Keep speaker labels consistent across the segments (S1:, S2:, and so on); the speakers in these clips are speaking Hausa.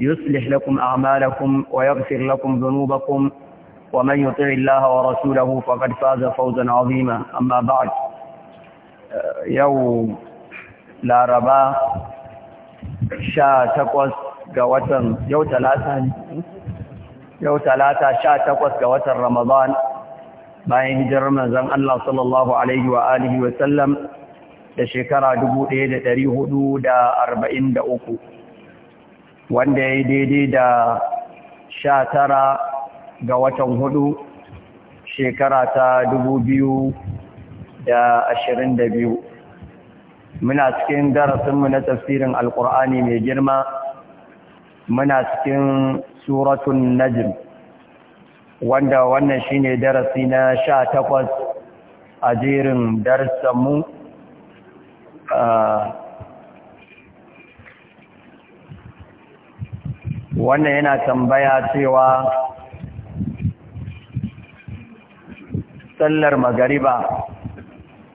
S1: يصلح لكم أعمالكم ويغفر لكم ذنوبكم ومن يطع الله ورسوله فقد فاز فوزا عظيما أما بعد يوم لا ربا شا تقوس قوة يوم ثلاثة يوم ثلاثة شا تقوس قوة رمضان bayan hijirar manzon Allah sallallahu alaihi wa alihi wa sallam da shekara 1443 wanda ya yi daidai da sha tara ga watan hudu shekara ta dubu biyu da ashirin da biyu muna cikin darasinmu na tafsirin alkur'ani mai girma muna cikin suratun najim wanda wannan shine darasi na sha takwas a jerin darussanmu ah, wannan yana tambaya cewa sallar magariba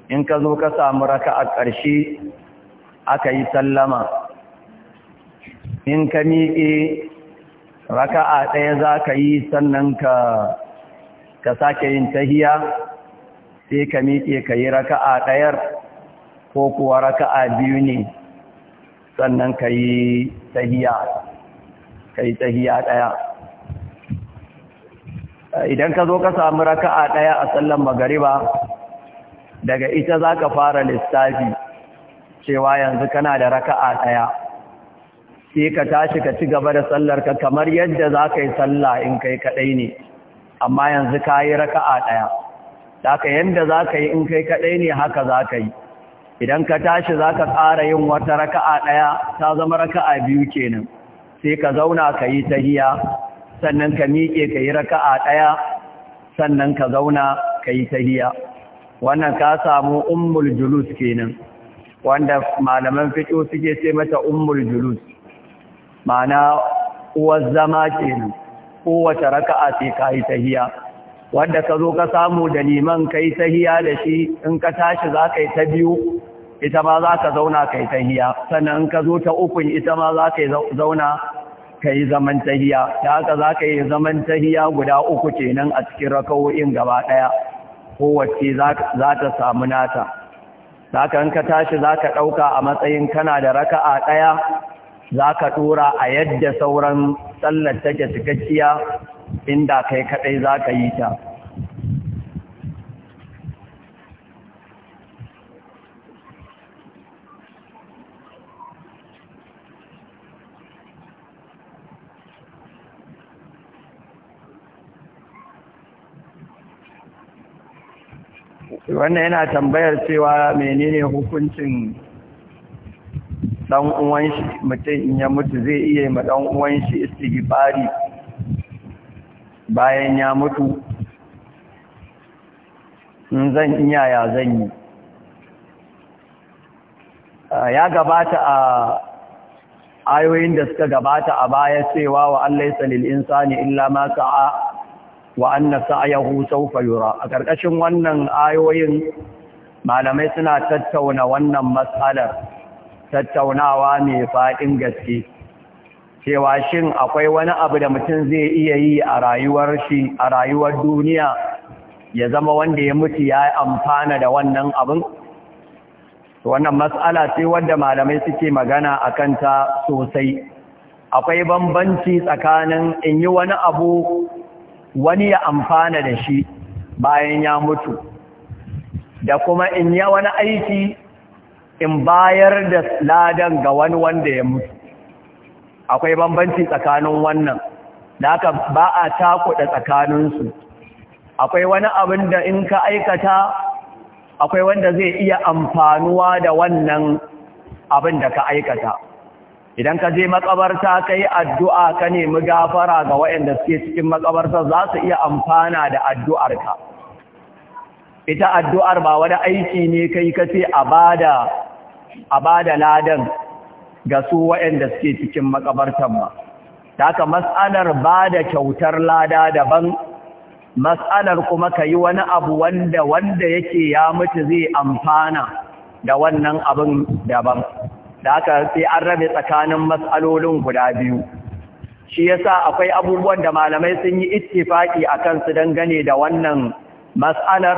S1: in ka zo ka samu raka a ƙarshe aka yi sallama in ka miƙe raka a ɗaya za ka yi sannan ka ka sake yin tahiya sai ka miƙe ka yi raka a ɗayar ko kuwa raka a biyu ne sannan ka yi tahiya kai tsahiya ɗaya. idan ka zo ka samu raka'a ɗaya a sallar magariba daga ita za ka fara lissafi cewa yanzu kana da raka'a ɗaya, sai ka tashi ka ci gaba da sallar ka kamar yadda za ka yi sallah in kai kaɗai ne amma yanzu ka kayi raka'a daya yadda za ka yi in kai kaɗai ne haka za ka yi idan ka tashi za ka ƙara yin wata raka'a ɗaya ta zama raka'a biyu kenan sai ka zauna ka yi tahiya sannan ka miƙe ka yi raka'a ɗaya sannan ka zauna ka yi tahiya wannan ka samu ummul julus kenan wanda malaman fito suke sai mata ummul julus ma'ana uwar zama kenan kowace raka'a sai ka yi tahiya wanda ka zo ka samu da liman ka yi tahiya da shi in ka tashi za ka yi ta biyu ita ma za ka zauna ka yi tahiya sannan in ka zo ta ukun ita ma za ka zauna ka yi zaman tahiya da haka za ka yi zaman tahiya guda uku kenan a cikin raka'o'in gaba ɗaya kowace za ta samu nata za ka ka tashi za ka ɗauka a matsayin kana da raka'a ɗaya za ka ɗora a yadda sauran tsallar take cikakkiya inda kai kaɗai za ka yi ta wannan yana tambayar cewa menene hukuncin dan uwan shi mutum in ya mutu zai iya ma dan uwan shi istighfari bayan ya mutu in zan iya ya zan yi ya gabata a ayoyin da suka gabata a baya cewa wa Allah ya insani illa ma sa'a wa anna sa'yahu sawfa yura a karkashin wannan ayoyin malamai suna tattauna wannan matsalar tattaunawa mai faɗin gaske cewa shin akwai wani abu da mutum zai iya yi a rayuwar shi a rayuwar duniya ya zama wanda ya mutu ya amfana da wannan abin wannan matsala ce wadda malamai suke magana a kanta sosai akwai bambanci tsakanin in yi wani abu wani ya amfana da shi bayan ya mutu da kuma in ya wani aiki in bayar da ladan ga wani wanda ya mutu akwai bambanci tsakanin wannan da aka ba a takuɗa tsakaninsu akwai wani abin da in ka aikata akwai wanda zai iya amfanuwa da wannan abin da ka aikata idan ka je makabarta ka addu'a ka nemi gafara ga waɗanda suke cikin makabarta za su iya amfana da addu'ar ka ita addu'ar ba wani aiki ne kai ka ce a ba da ladan ga su waɗanda suke cikin makabartan ba taka ka matsalar ba da kyautar lada daban matsalar kuma ka yi wani abu wanda wanda yake ya mutu zai amfana da wannan abin daban da aka sai an rabe tsakanin matsalolin guda biyu shi yasa akwai abubuwan da malamai sun yi ittifaki akan su dangane da wannan mas'alar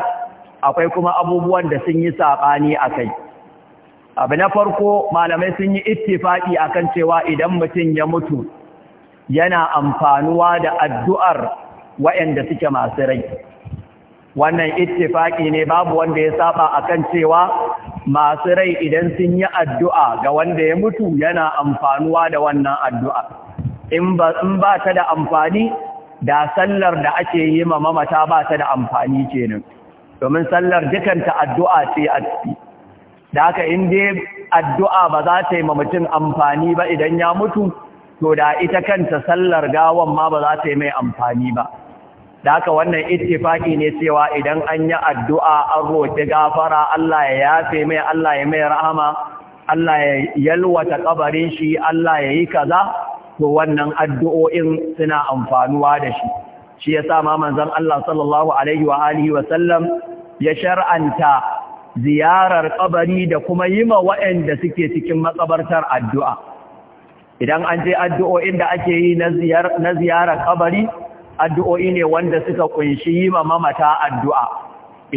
S1: akwai kuma abubuwan da sun yi saɓani a kai. abu na farko malamai sun yi ittifaki akan cewa idan mutum ya mutu yana amfanuwa da addu'ar waɗanda suke masu rai wannan ittifaki ne babu wanda ya saba akan cewa masu rai idan sun yi addu'a ga wanda ya mutu yana amfanuwa da wannan addu'a in ba ta da amfani da sallar da ake yi ma mamata ba ta da amfani kenan domin sallar dukanta addu'a ce a ciki da haka in dai addu'a ba za ta yi ma mutum amfani ba idan ya mutu to da ita kanta sallar gawan ma ba za ta yi mai amfani ba da haka wannan ittifaki ne cewa idan an yi addu'a an roƙi gafara Allah ya yafe mai Allah ya mai rahama Allah ya yalwata kabarin shi Allah ya yi kaza to wannan addu'o'in suna amfanuwa da shi shi yasa ma manzon Allah sallallahu alaihi wa alihi sallam ya shar'anta ziyarar kabari da kuma yi ma waɗanda suke cikin matsabartar addu'a. Idan an je addu'o'in da ake yi na ziyarar kabari, addu'o'i ne wanda suka kunshi yi ma mamata addu'a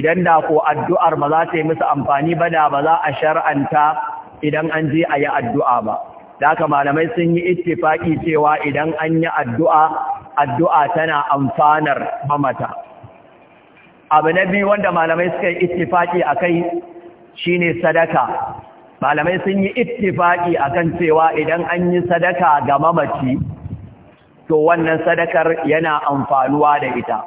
S1: idan da ko addu'ar ba za ta yi musu amfani ba da ba za a shar'anta idan an je a yi addu'a ba da haka malamai sun yi ittifaƙi cewa idan an yi addu'a addu'a tana amfanar mamata abu na biyu wanda malamai suka yi ittifaƙi a kai shi ne sadaka malamai sun yi ittifaƙi a kan cewa idan an yi sadaka ga mamaci to wannan sadakar yana amfanuwa da ita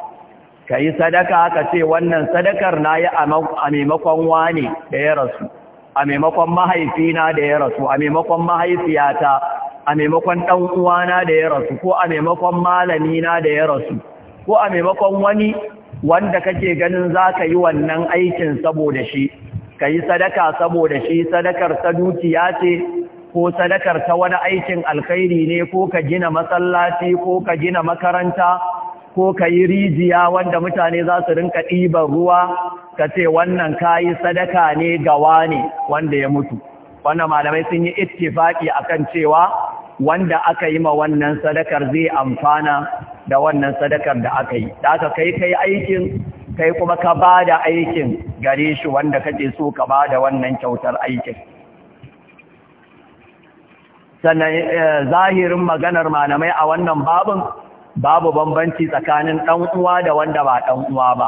S1: ka yi sadaka ka ce wannan sadakar na yi a maimakon wane da ya rasu a maimakon mahaifina da ya rasu a maimakon mahaifiyata a maimakon ɗan uwana da ya rasu ko a maimakon malamina da ya rasu ko a maimakon wani wanda kake ganin za ka yi wannan aikin saboda shi ka yi sadaka saboda shi sadakar ta dukiya ce ko sadakar ta wani aikin alkhairi ne ko ka gina masallaci ko ka gina makaranta ko ka yi rijiya wanda mutane za su rinka ɗiban ruwa ka ce wannan kayi sadaka ne gawa ne wanda ya mutu wannan malamai sun yi ittifaki akan cewa wanda aka yi ma wannan sadakar zai amfana da wannan sadakar da aka yi da aka kai kai aikin kai kuma ka ba da aikin gare shi wanda kake so ka ba da wannan kyautar aikin sannan eh, zahirin maganar malamai a wannan babin babu bambanci tsakanin ɗan uwa da wanda ba ɗan uwa ba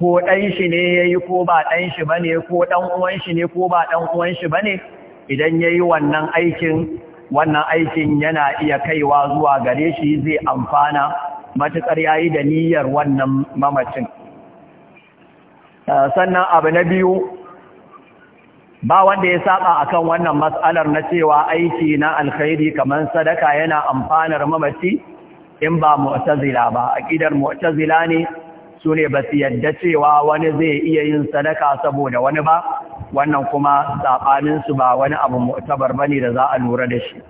S1: ko ɗan shi ne yayi ko ba ɗan shi bane ko ɗan uwan shi ne ko ba ɗan uwan shi bane idan yayi wannan aikin wannan aikin yana iya kaiwa zuwa gare shi zai amfana matuƙar yayi da niyyar wannan mamacin eh, sannan abu na biyu ba wanda ya saba akan wannan mas'alar na cewa aiki na alkhairi kamar sadaka yana amfanar mamaci in ba mu'tazila ba aqidar mu'tazila ne sune ba su yadda cewa wani zai iya yin sadaka saboda wani ba wannan kuma sabanin su ba wani abu mu'tabar bane da za a lura da shi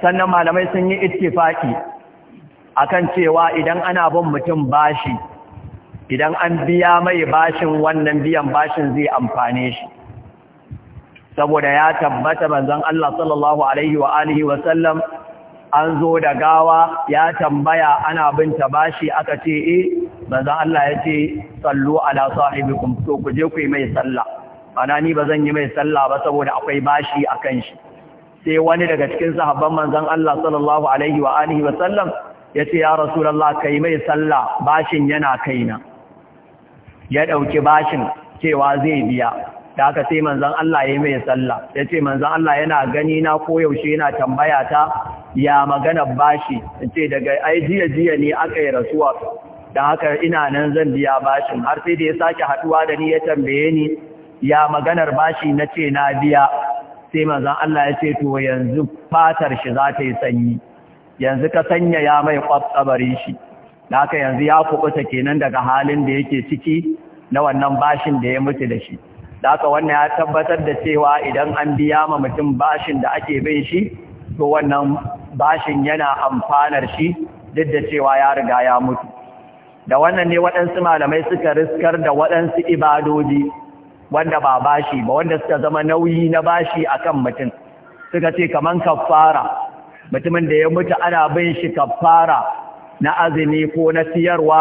S1: sannan malamai sun yi ittifaki akan cewa idan ana bin mutum bashi idan an biya mai bashin wannan biyan bashin zai amfane shi saboda ya tabbata manzon Allah sallallahu alaihi wa alihi wa sallam an zo da gawa ya tambaya ana binta bashi aka ce e manzon Allah ya ce sallu ala sahibikum to ku je ku yi mai sallah ana ni ba zan yi mai sallah ba saboda akwai bashi akan shi sai wani daga cikin sahabban manzon Allah sallallahu alaihi wa alihi wa sallam ya ce ya rasulullah kai mai sallah bashin yana kaina ya ɗauki bashin cewa zai biya da aka sai manzan Allah ya mai sallah ya ce manzan Allah yana gani na koyaushe yana tambaya ta ya magana bashi ce daga ai jiya jiya ne aka yi rasuwa da haka ina nan zan biya bashin har sai da ya sake haɗuwa da ni ya tambaye ni ya maganar bashi na ce na biya sai manzan Allah ya ce to yanzu fatar shi za ta yi sanyi yanzu ka sanya ya mai kwabtsabari shi da haka yanzu ya kuɓuta kenan daga halin da yake ciki na wannan bashin da ya mutu da shi da haka wannan ya tabbatar da cewa idan an biya ma mutum bashin da ake bin shi to wannan bashin yana amfanar shi duk da cewa ya riga ya mutu da wannan ne waɗansu malamai suka riskar da waɗansu ibadoji wanda ba bashi ba wanda suka zama nauyi na bashi akan mutum suka ce kaman kaffara mutumin da ya mutu ana bin shi kaffara na azumi ko na siyarwa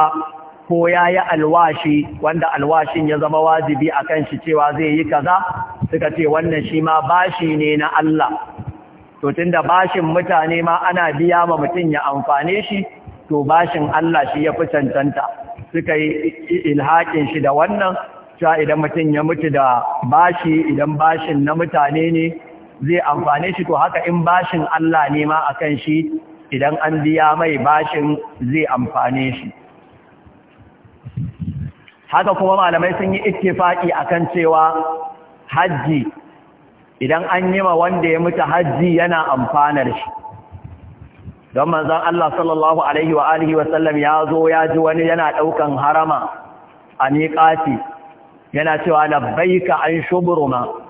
S1: ko ya yi alwashi wanda alwashin ya zama wajibi akan shi cewa zai yi kaza suka ce wannan shi ma bashi ne na Allah to tunda bashin mutane ma ana biya ma mutum ya amfane shi to bashin Allah shi ya fi cancanta suka yi ilhakin shi da wannan cewa idan mutum ya mutu da bashi idan bashin na mutane ne zai amfane shi to haka in bashin Allah ne ma akan shi idan an biya mai bashin zai amfane shi haka kuma malamai sun yi ittifaki akan cewa hajji idan an yi ma wanda ya mutu hajji yana amfanar shi don manzon Allah sallallahu alaihi wa alihi wa sallam ya zo ya ji wani yana daukan harama a miƙati yana cewa labbaika an shubruma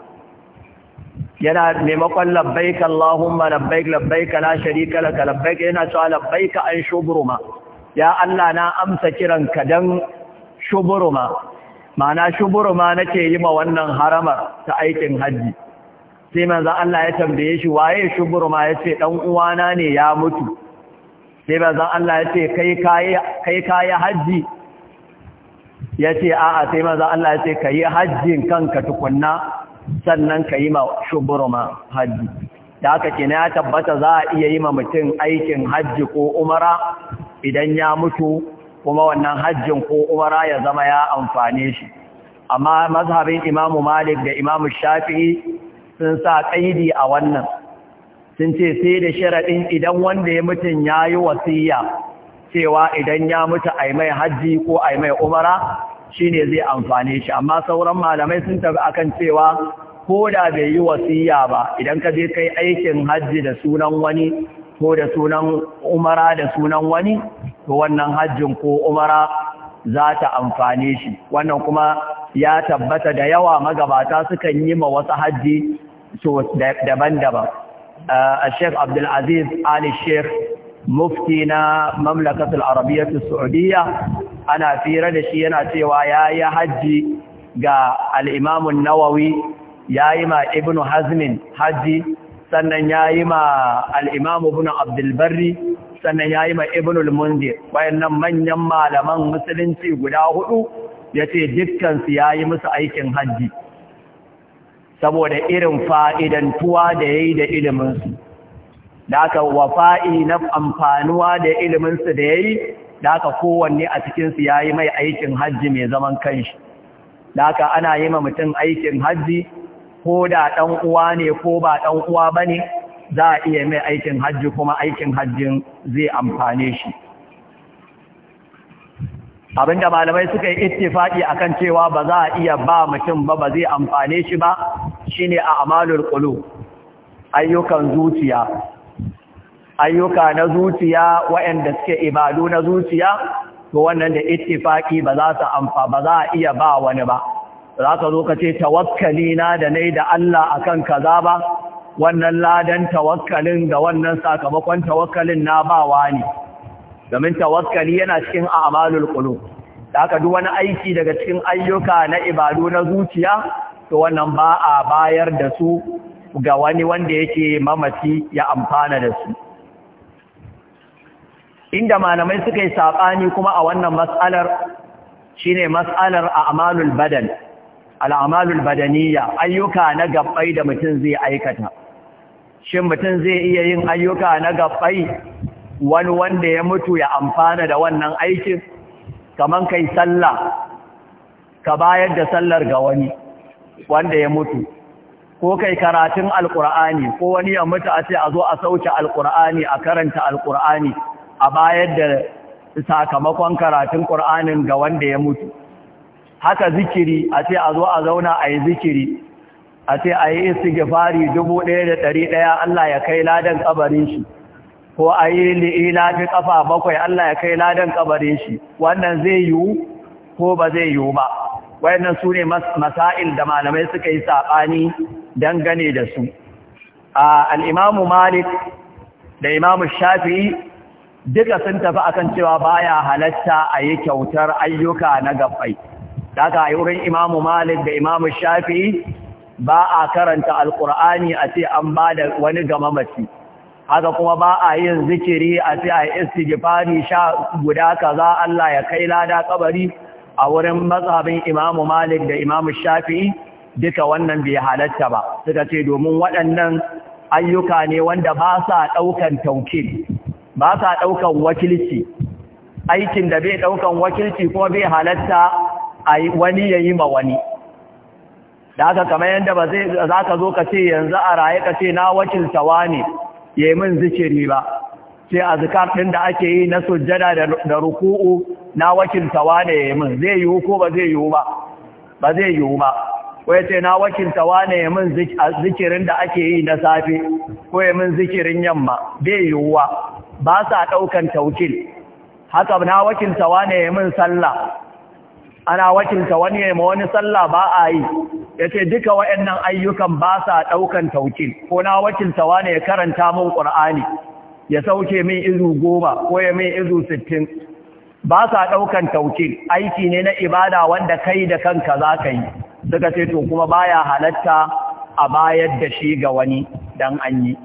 S1: yana maimakon labbaik Allahumma labbaik labbaik la sharika laka labbaik yana cewa labbaik an shubruma ya Allah na amsa kiran ka dan shubruma ma'ana shubruma nake yi ma wannan haramar ta aikin haji sai manzo Allah ya tambaye shi waye shubruma yace dan uwana ne ya mutu sai manzo Allah yace kai kai kai kai haji yace a'a sai manzo Allah yace kai hajjin kanka tukunna sannan ka yi ma shuburma, hajji da aka ce na ya tabbata za a iya yi ma mutum aikin hajji ko umara idan ya mutu kuma wannan hajjin ko umara ya zama ya amfane shi amma mazhabin imamu malik da imamu shafi'i sun sa ƙaidi a wannan sun ce sai da sharaɗin idan wanda ya mutum ya yi wasiya cewa idan ya mutu a mai hajji ko a mai umara Shi ne zai amfane shi amma sauran malamai sun tafi akan cewa ko da bai yi wasiya ba idan ka je kai aikin hajji da sunan wani ko da sunan umara da sunan wani to wannan hajjin ko umara za ta amfane shi wannan kuma ya tabbata da yawa magabata sukan yi ma wasu hajji daban-daban a uh, sheikh abdulaziz ali sheikh mufti na mamlakatul arabiyyar saudiya ana fira da shi yana cewa ya yi hajji ga al'imamun nawawi ya yi ma ibn hazmin hajji sannan ya yi ma al'imamu bin abdulbarri sannan ya yi ma ibn al wayannan manyan malaman musulunci guda hudu ya ce dukkansu ya yi musu aikin hajji saboda irin fa'idantuwa da ya yi da iliminsu da aka fa'i na amfanuwa da iliminsu da ya yi da haka kowanne a cikinsu ya yi mai aikin hajji mai zaman kanshi da haka ana yi ma mutum aikin hajji ko da ɗan uwa ne ko ba ɗan uwa ba ne za a iya mai aikin hajji kuma aikin hajjin zai amfane shi abinda malamai suka yi ittifaki akan cewa ba za a iya ba mutum ba ba zai amfane shi ba shine a amalul qulub ayyukan zuciya ayyuka na zuciya waɗanda suke ibadu na zuciya to wannan da ittifaki ba za su amfa ba za a iya ba wani ba za ka zo ka ce tawakkali na da nai da Allah akan kaza ba wannan ladan tawakkalin da wannan sakamakon tawakkalin na ba wani domin tawakkali yana cikin a'malul qulub da ka duk wani aiki daga cikin ayyuka na ibadu na zuciya to wannan ba a bayar da su ga wani wanda yake mamaci ya amfana da su inda malamai suka yi saɓani kuma a wannan matsalar shine masalar a'malul badan al'amalul badaniya ayyuka na gabbai da mutum zai aikata shin mutum zai iya yin ayyuka na gabbai wani wanda ya mutu ya amfana da wannan aikin kaman kai sallah ka bayar da sallar ga wani wanda ya mutu ko kai karatun alkur'ani ko wani ya mutu a ce a zo a sauke alkur'ani a karanta alkur'ani a bayar da sakamakon karatun ƙur'anin ga wanda ya mutu haka zikiri a ce a zo a zauna a yi zikiri a ce a yi dubu ɗaya Allah ya kai ladan ƙabarin shi ko a yi li'ila fi ƙafa bakwai Allah ya kai ladan ƙabarin shi wannan zai yiwu ko ba zai yiwu ba Wannan su ne masail da malamai suka yi saɓani dangane da su al'imamu malik da imamu shafi'i duka sun tafi akan cewa baya halatta a yi kyautar ayyuka na gabbai daga wurin imamu malik da imamu Shafi'i? ba a karanta alkur'ani a ce an ba da wani gamamaci haka kuma ba a yin zikiri a ce a sha guda kaza Allah ya kai lada kabari a wurin mazhabin imamu malik da imamu Shafi'i duka wannan bai halatta ba suka ce domin waɗannan ayyuka ne wanda ba sa ɗaukan taukid ba sa ɗaukan wakilci aikin da bai ɗaukan wakilci kuma bai halatta a wani ya yi ma wani da aka kama yadda ba za ka zo ka ce yanzu a raye ka ce na wakilta ne ya yi min zikiri ba sai a zikar ɗin da ake yi na sujjada da ruku'u na wakilta ne ya yi min zai yiwu ko ba zai yiwu ba ba zai yiwu ba ko ce na wakilta ne ya min zikirin da ake yi na safe ko ya min zikirin yamma bai yiwuwa ba sa ɗaukan taukil haka na wakilta wane ya min sallah ana wakilta wani ya ma wani sallah ba a yi ya ce duka wa'annan ayyukan ba sa ɗaukan taukil ko na wakilta wane ya karanta min ƙur'ani ya sauke min izu goma ko ya min izu sittin ba sa ɗaukan taukil aiki ne na ibada wanda kai da kanka za ka yi suka ce to kuma baya halatta a bayar da shi ga wani dan an yi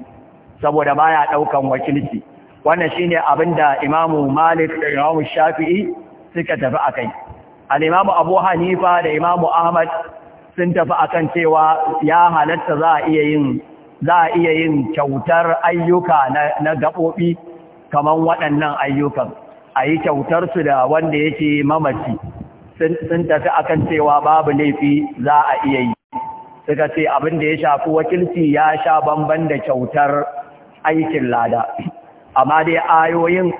S1: saboda baya ɗaukan wakilci wannan shine abinda imamu malik da imamu shafi'i suka tafi a kai. imamu abu hanifa da imamu ahmad sun tafi kan cewa ya halatta za a iya yin kyautar ayyuka na gaɓoɓi kamar waɗannan ayyukan a yi kyautarsu da wanda yake mamaci sun tafi akan cewa babu laifi za a iya yi suka ce abin da ya shafi wakilci ya sha bamban da kyautar aikin lada amma dai ayoyin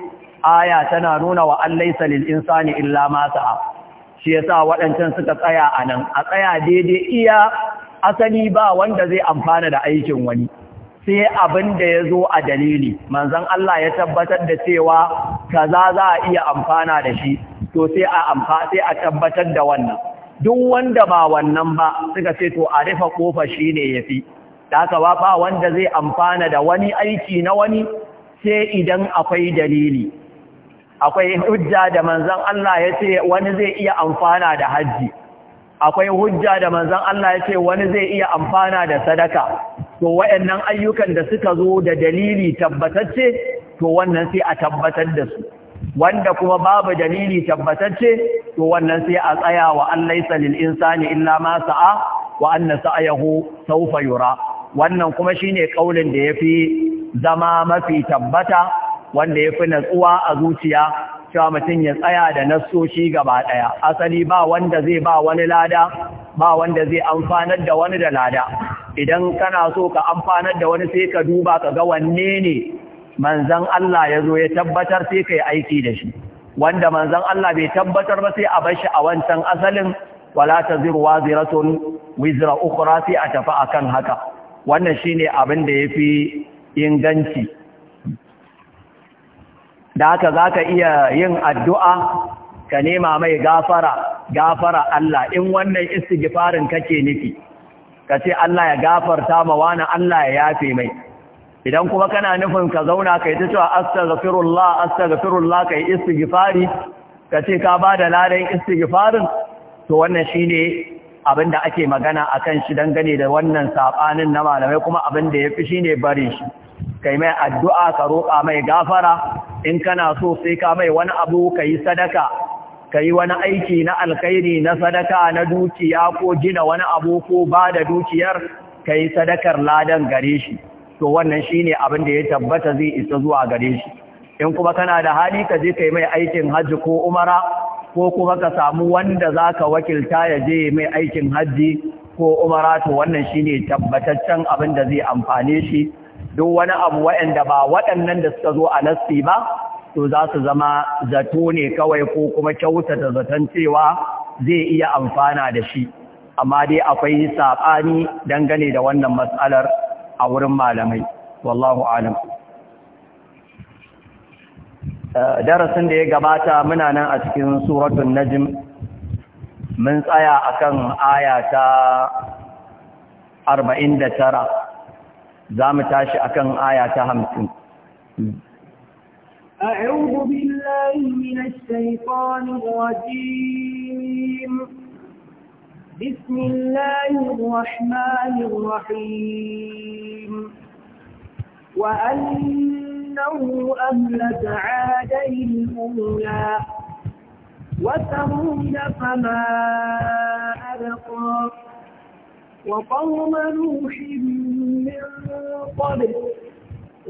S1: aya tana nuna wa an laisa lil insani illa ma sa'a shi yasa waɗancan suka tsaya a nan, a tsaya daidai iya asali ba wanda zai amfana da aikin wani sai abin da ya zo a dalili manzon Allah ya tabbatar da cewa kaza za a iya amfana da shi to sai a amfa sai a tabbatar da wannan duk wanda ba wannan ba suka ce to a rufe kofa shine yafi da haka ba wanda zai amfana da wani aiki na wani sai idan akwai dalili akwai hujja da manzon Allah ya ce wani zai iya amfana da haji akwai hujja da manzon Allah ya ce wani zai iya amfana da sadaka to waɗannan ayyukan da suka zo da dalili tabbatacce to wannan sai a tabbatar da su wanda kuma babu dalili tabbatacce to wannan sai a tsaya wa Allah allaisa lil insani illa ma sa'a wa anna sa'ayahu sawfa yura wannan kuma shine kaulin da yafi zama mafi tabbata wanda ya fi natsuwa a zuciya cewa mutum ya tsaya da nassoshi gaba ɗaya asali ba wanda zai ba wani lada ba wanda zai amfanar da wani da lada idan kana so ka amfanar da wani sai ka duba ka ga wanne ne manzan Allah ya zo ya tabbatar sai ka yi aiki da shi wanda manzan Allah bai tabbatar ba sai a bar shi a wancan asalin wala taziru waziratun wizra ukhra sai a tafi akan haka wannan shine abin da yafi inganci da haka za ka iya yin addu'a ka nema mai gafara gafara Allah in wannan istigifarin kake nufi ka ce Allah ya gafarta ma wani Allah ya yafe mai idan kuma kana nufin ka zauna ka yi ta cewa astaghfirullah astaghfirullah kai istighfari ka ce ka ba da ladan istighfarin to wannan shine abin da ake magana akan shi dangane da wannan saɓanin na malamai kuma abin da shi ne barin shi kai mai addu'a ka roƙa mai gafara in kana so sai ka mai wani abu ka yi sadaka ka yi wani aiki na alkhairi na sadaka na dukiya ko gina wani abu ko ba da dukiyar ka yi sadakar ladan gare shi to wannan shi ne abin da ya tabbata zai isa zuwa gare shi in kuma kana da hali ka je ka yi mai aikin hajji ko umara ko kuma ka samu wanda za ka wakilta ya je mai aikin hajji ko umara to wannan shi ne tabbataccen abin da zai amfane shi duk wani abu waɗanda ba waɗannan da suka zo a nassi ba to za su zama zato ne kawai ko kuma kyautata zaton cewa zai iya amfana da shi amma dai akwai saɓani dangane da wannan matsalar a wurin malamai wallahu alam eh, darasin da ya gabata muna nan a cikin suratun najim mun tsaya a akan aya ta tara. زامت mu أكن آية aya
S2: أعوذ بالله من الشيطان الرجيم بسم الله الرحمن الرحيم وأنه أهلك عادا الأولى وثمود فما أبقى وقوم نوح من قبل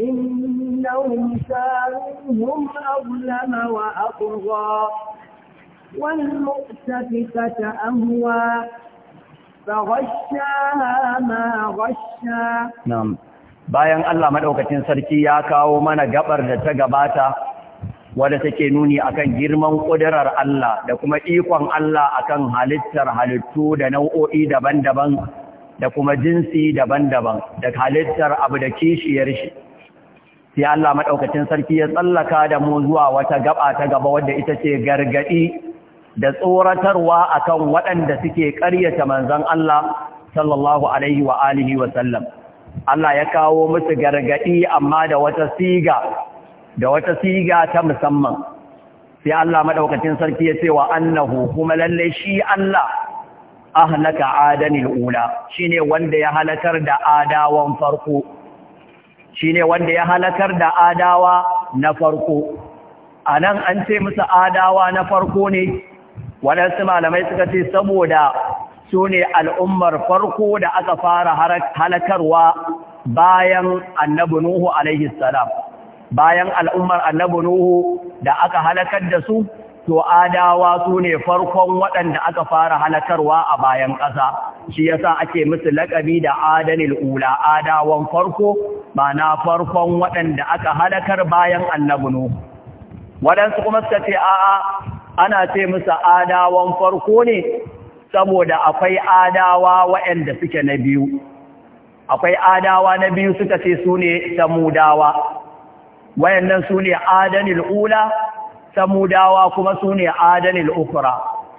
S2: إنهم سارهم أظلم وأطغى والمؤتفكة أهوى فغشاها ما غشى
S1: نعم bayan Allah madaukakin sarki ya kawo mana gabar da ta gabata wadda take nuni akan girman kudirar Allah da kuma ikon Allah akan halittar halittu da nau'o'i daban-daban da kuma jinsi daban-daban da halittar abu da kishiyar shi sai Allah madaukakin sarki ya tsallaka da mu zuwa wata gaba ta gaba wadda ita ce gargadi da tsoratarwa akan waɗanda suke ƙaryata manzon Allah sallallahu alaihi wa alihi wa sallam Allah ya kawo musu gargadi amma da wata siga da wata siga ta musamman sai Allah madaukakin sarki ya ce wa annahu kuma lalle shi Allah ahlaka adanil ula shine wanda ya halakar da adawan farko shine wanda ya halakar da adawa na farko anan an ce musu adawa na farko ne wadansu malamai suka ce saboda sune ne al'ummar farko da aka fara halakarwa bayan annabi nuhu alaihi salam bayan al'ummar annabi nuhu da aka halakar da su to adawa su ne farkon waɗanda aka fara halakarwa a bayan ƙasa shi yasa ake musu laƙabi da adanil ula adawan farko ba na farkon waɗanda aka halakar bayan annabinu waɗansu kuma suka ce a'a ana ce musu adawan farko ne saboda akwai adawa waɗanda suke na biyu akwai adawa na biyu suka ce su ne samudawa wayannan su ne adanil ula samudawa kuma su ne adalil ukura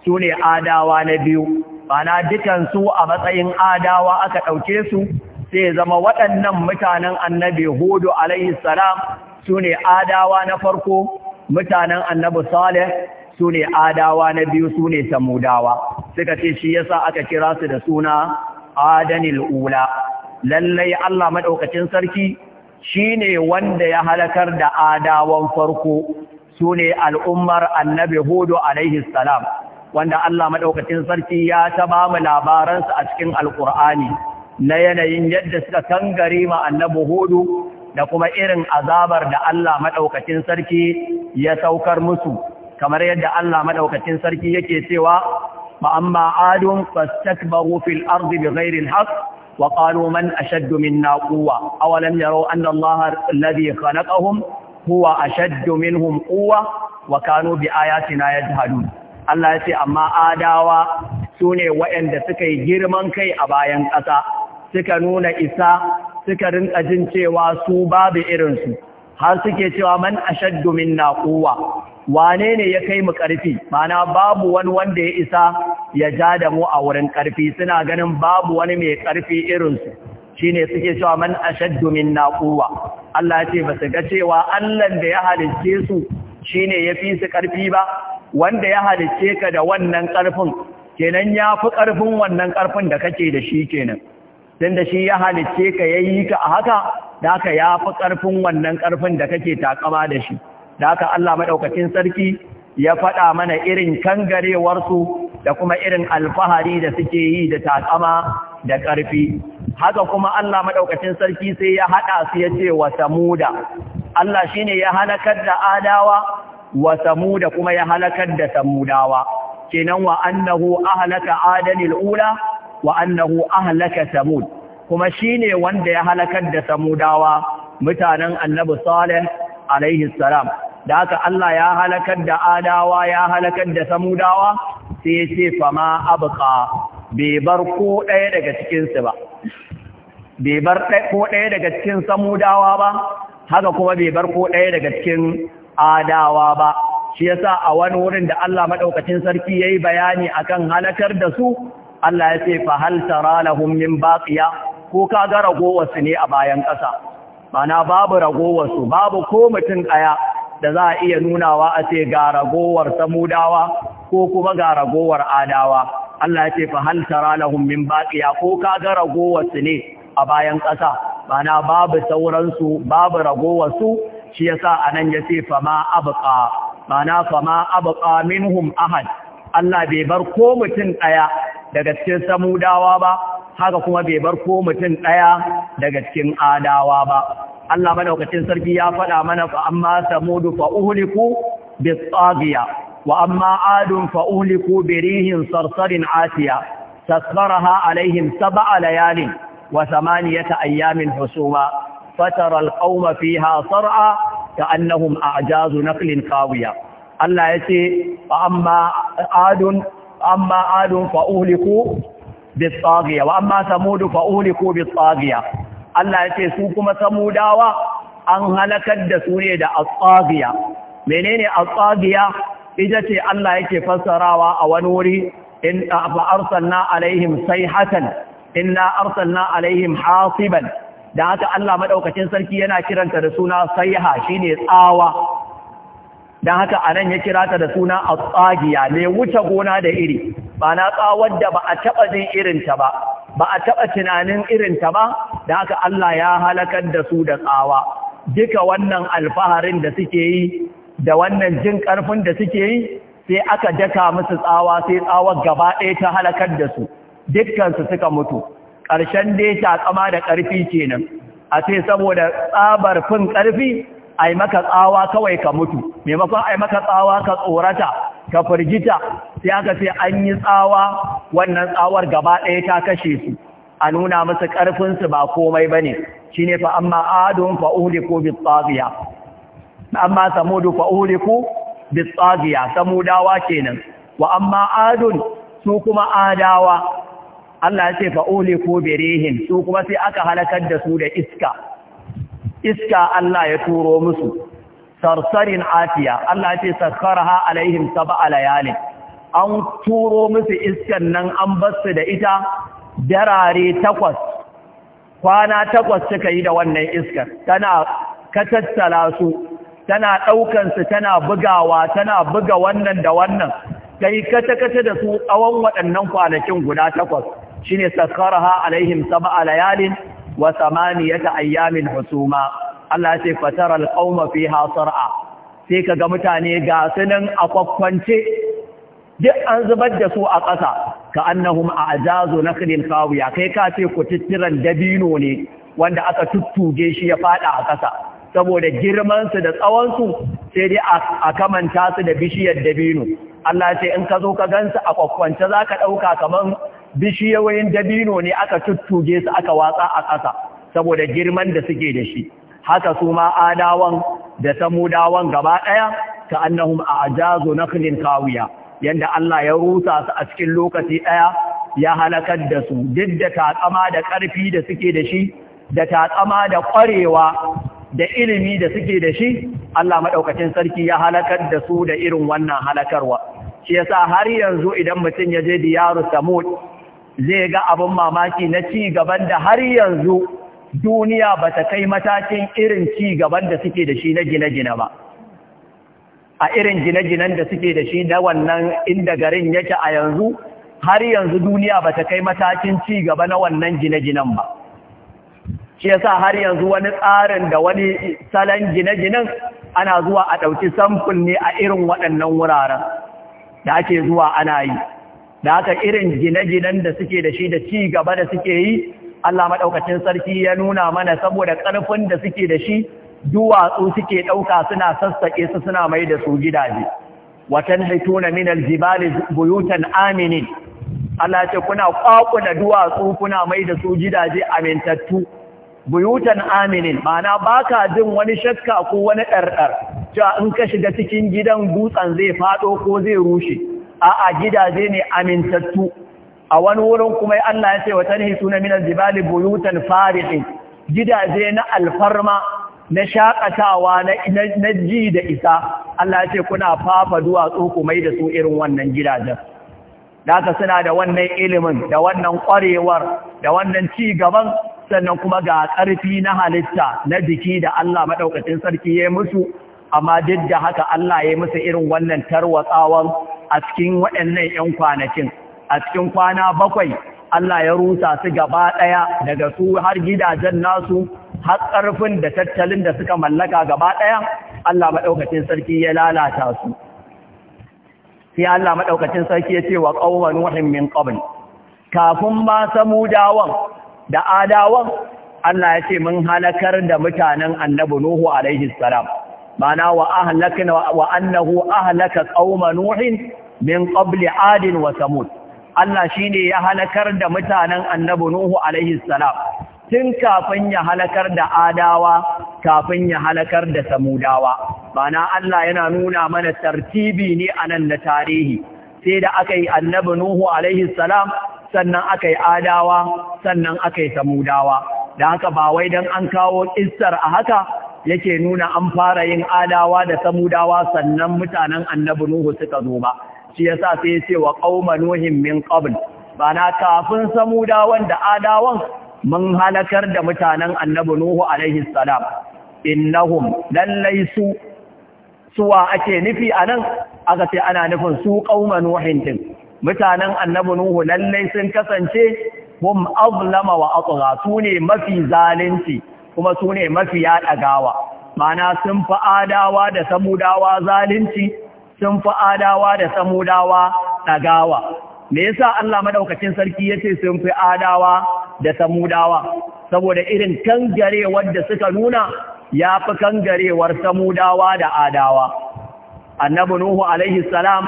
S1: su ne adawa na biyu mana dukansu a matsayin adawa aka ɗauke su sai zama waɗannan mutanen annabi hudu alaihi salam su ne adawa na farko mutanen annabi salih su ne adawa na biyu su ne samudawa suka ce shi yasa aka kira su da suna adanil ula lallai Allah maɗaukacin sarki shi ne wanda ya halakar da adawan farko su ne al'ummar annabi hudu alaihi wanda Allah maɗaukacin sarki ya ta mu labaransu a cikin Alkur'ani, na yanayin yadda suka kangare ma annabi hudu da kuma irin azabar da Allah maɗaukacin sarki ya saukar musu kamar yadda Allah maɗaukacin sarki yake cewa fa amma adun fastakbaru fil ardi bighairi alhaq wa qalu man ashaddu minna quwwa awalam yaraw anna Allah alladhi khalaqahum huwa ashaddu minhum quwwa wa kanu bi ayatina yajhadun Allah ya ce amma adawa sune waɗanda suka yi girman kai a bayan ƙasa suka nuna isa suka rinka jin cewa su babu irin su har suke cewa man ashaddu minna quwwa wane ne ya kai mu ƙarfi mana babu wani wanda ya isa ya ja da mu a wurin ƙarfi suna ganin babu wani mai ƙarfi su shine suke cewa man ashaddu minna quwwa Allah ya ce ba su ga cewa Allah da ya halicce su shine fi su karfi ba wanda ya halicce ka da wannan karfin kenan ya fi karfin wannan karfin da kake da shi kenan da shi ya halicce ka yayi ka a haka daka fi ƙarfin wannan ƙarfin da kake takama da shi daka Allah maɗaukacin sarki ya faɗa mana irin kangarewarsu da kuma irin alfahari da suke yi da takama da ƙarfi haka kuma Allah maɗaukacin sarki sai ya haɗa su ya ce wa samuda Allah shine ya halakar da adawa wa samuda kuma ya halakar da samudawa kenan wa annahu ahlaka adanil ula wa annahu ahlaka samud kuma shine wanda ya halakar da samudawa mutanen annabi salih alaihi salam da haka Allah ya halakar da adawa ya halakar da samudawa sai ya ce fama abuƙa. bai bar ko ɗaya daga cikinsu ba bai bar ko ɗaya daga cikin samudawa ba haka kuma bai bar ko ɗaya daga cikin adawa ba shi yasa a wani wurin da Allah maɗaukacin sarki yayi bayani akan halakar da su Allah ya ce fa hal tara lahum min baqiya ko ka ga ragowar ne a bayan ƙasa mana babu ragowar su babu ko mutum ɗaya da za a iya nunawa a ce ga ragowar samudawa ko kuma ga ragowar adawa Allah ya ce fa hal tara lahum min baqiya ko ka ga ragowar su ne a bayan ƙasa bana babu sauransu babu ragowar su shi yasa anan ya ce fa ma abqa bana fa ma abqa minhum ahad Allah bai bar ko mutum daya daga cikin samudawa ba haka kuma bai bar ko mutum daya daga cikin adawa ba Allah madaukakin sarki ya faɗa mana fa amma samudu fa uhliku bis tsagiya وأما عاد فأهلكوا بريح صرصر عاتية سخرها عليهم سبع ليال وثمانية أيام حسوما فترى القوم فيها صرعى كأنهم أعجاز نخل خاوية الله يتي فأما عاد أما عاد فأهلكوا بالطاغية وأما ثمود فأهلكوا بالطاغية الله يتي سوكم ثموداوا أن هلكت دسوني دا الطاغية منين الطاغية ita ce Allah yake fassarawa a wani wuri in fa arsalna alaihim sayhatan inna arsalna alaihim hasiban da haka Allah madaukakin sarki yana kiranta da suna sayha shine tsawa dan haka anan ya kira ta da suna atsagiya mai wuce gona da iri ba na tsawar da ba a taba jin irin ta ba ba a taba tunanin irin ta ba dan haka Allah ya halakar da su da tsawa duka wannan alfaharin da suke yi da wannan jin ƙarfin da suke yi sai aka daka musu tsawa sai tsawar gaba ɗaya ta halakar da su dukkansu suka mutu ƙarshen dai kama da ƙarfi kenan a ce saboda tsabar fin ƙarfi a yi maka tsawa kawai ka mutu maimakon a yi maka tsawa ka tsorata ka firgita sai aka ce an yi tsawa wannan tsawar gaba ɗaya ta kashe su a nuna musu ƙarfinsu ba komai ba ne shi ne fa amma adon fa'uli ko bitsafiya amma samudu fa uhliku Bitsagiya. samudawa kenan wa amma adun su kuma adawa Allah ya ce fa uhliku birihin su kuma sai aka halakar da su da iska iska Allah ya turo musu sarsarin atiya Allah ya ce sakharaha alaihim sab'a layalin an turo musu iskan nan an basu da ita darare takwas kwana takwas suka yi da wannan iskar tana ka su tana ɗaukansu tana bugawa tana buga wannan da wannan ta yi kata-kata da su tsawon waɗannan kwanakin guda takwas shi ne sakarha alaihim sama Layalin wa samaniyata ayyamin husuma Allah ce fatar alƙauma fi hasar'a sai ka ga mutane ga sunan a kwakwance duk an zubar da su a ƙasa ka annahum a ajazu na kilin kawiya kai ka ce ku tuttiran dabino ne wanda aka tuttuge shi ya faɗa a ƙasa saboda girmansu da tsawonsu sai dai a kamanta su da bishiyar dabino Allah ce in ka zo ka gansu a kwakwance za ka ɗauka kamar bishiyoyin dabino ne aka tuttuge su aka watsa a ƙasa saboda girman da suke da shi haka su ma adawan da samudawan gaba ɗaya ka annahum a ajazu naklin kawiya yanda Allah ya rusa su a cikin lokaci ɗaya ya halakar da su duk da taƙama da ƙarfi da suke da shi da taƙama da ƙwarewa da ilimi da suke da shi Allah maɗaukacin sarki ya halakar da su da irin wannan halakarwa shi yasa har yanzu idan mutum ya je diyaru samud zai ga abin mamaki na ci gaban da har yanzu duniya ba ta kai matakin irin ci gaban da suke da shi na gine-gine ba a irin gine-ginen da suke da shi na wannan inda garin yake a yanzu har yanzu duniya ba ta kai matakin ci gaba na wannan gine-ginen ba shi yasa har yanzu wani tsarin da wani salon gine-ginen ana zuwa a ɗauki samfur ne a irin waɗannan wuraren da ake zuwa ana yi da aka irin gine-ginen da suke da shi da ci gaba da suke yi Allah maɗaukacin sarki ya nuna mana saboda ƙarfin da suke da shi duwatsu suke ɗauka suna sassaƙe su suna mai da su gidaje watan haituna minal jibali buyutan aminin Allah ce kuna kwakuna duwatsu kuna mai da su gidaje amintattu buyutan aminin ma'ana baka jin wani shakka ko wani ɗarɗar cewa in ka shiga cikin gidan dutsen zai faɗo ko zai rushe a'a gidaje ne amintattu a wani wurin kuma Allah ya ce wa tarihi suna min aljibali buyutan fariqin gidaje na alfarma na shakatawa na ji da isa Allah ya ce kuna fafa duwatsu ku mai da su irin wannan gidajen da suna da wannan ilimin da wannan kwarewar da wannan ci gaban sannan kuma ga ƙarfi na halitta na jiki da Allah maɗaukacin sarki ya musu amma duk da haka Allah ya musu irin wannan tarwatsawan a cikin waɗannan 'yan kwanakin a cikin kwana bakwai Allah ya rusa su gaba ɗaya daga su har gidajen nasu har ƙarfin da tattalin da suka mallaka gaba ɗaya Allah maɗaukacin sarki ya lalata su sai Allah maɗaukacin sarki ya ce wa ƙaunar wahimmin min kafin ma dawon da adawan Allah ya ce mun halakar da mutanen annabi Nuhu alaihi salam mana wa ahlakna wa annahu ahlaka qauma nuhin min qabli adin wa samud Allah shine ya halakar da mutanen annabi Nuhu alaihi salam tun kafin ya halakar da adawa kafin ya halakar da samudawa mana Allah yana nuna mana tartibi ne anan na tarihi sai da aka yi annabi Nuhu alaihi salam sannan aka yi adawa sannan aka yi samudawa da haka ba wai don an kawo istar a haka yake nuna an fara yin adawa da samudawa sannan mutanen annabi nuhu suka zo ba shi yasa sai ya ce wa qauma nuhin min qabl ba na kafin samudawan da adawan mun halakar da mutanen annabi nuhu alaihi salam innahum lallai su suwa ake nufi anan aka ce ana nufin su qauma nuhin mutanen annabi nuhu lallai sun kasance hum azlama wa atgha sune mafi zalunci kuma sune mafi yaɗagawa mana sun fi adawa da samudawa zalunci sun fi adawa da samudawa ɗagawa me yasa Allah madaukakin sarki yace sun fi adawa da samudawa saboda irin kangarewar da suka nuna ya fi kangarewar samudawa da adawa annabi nuhu alaihi salam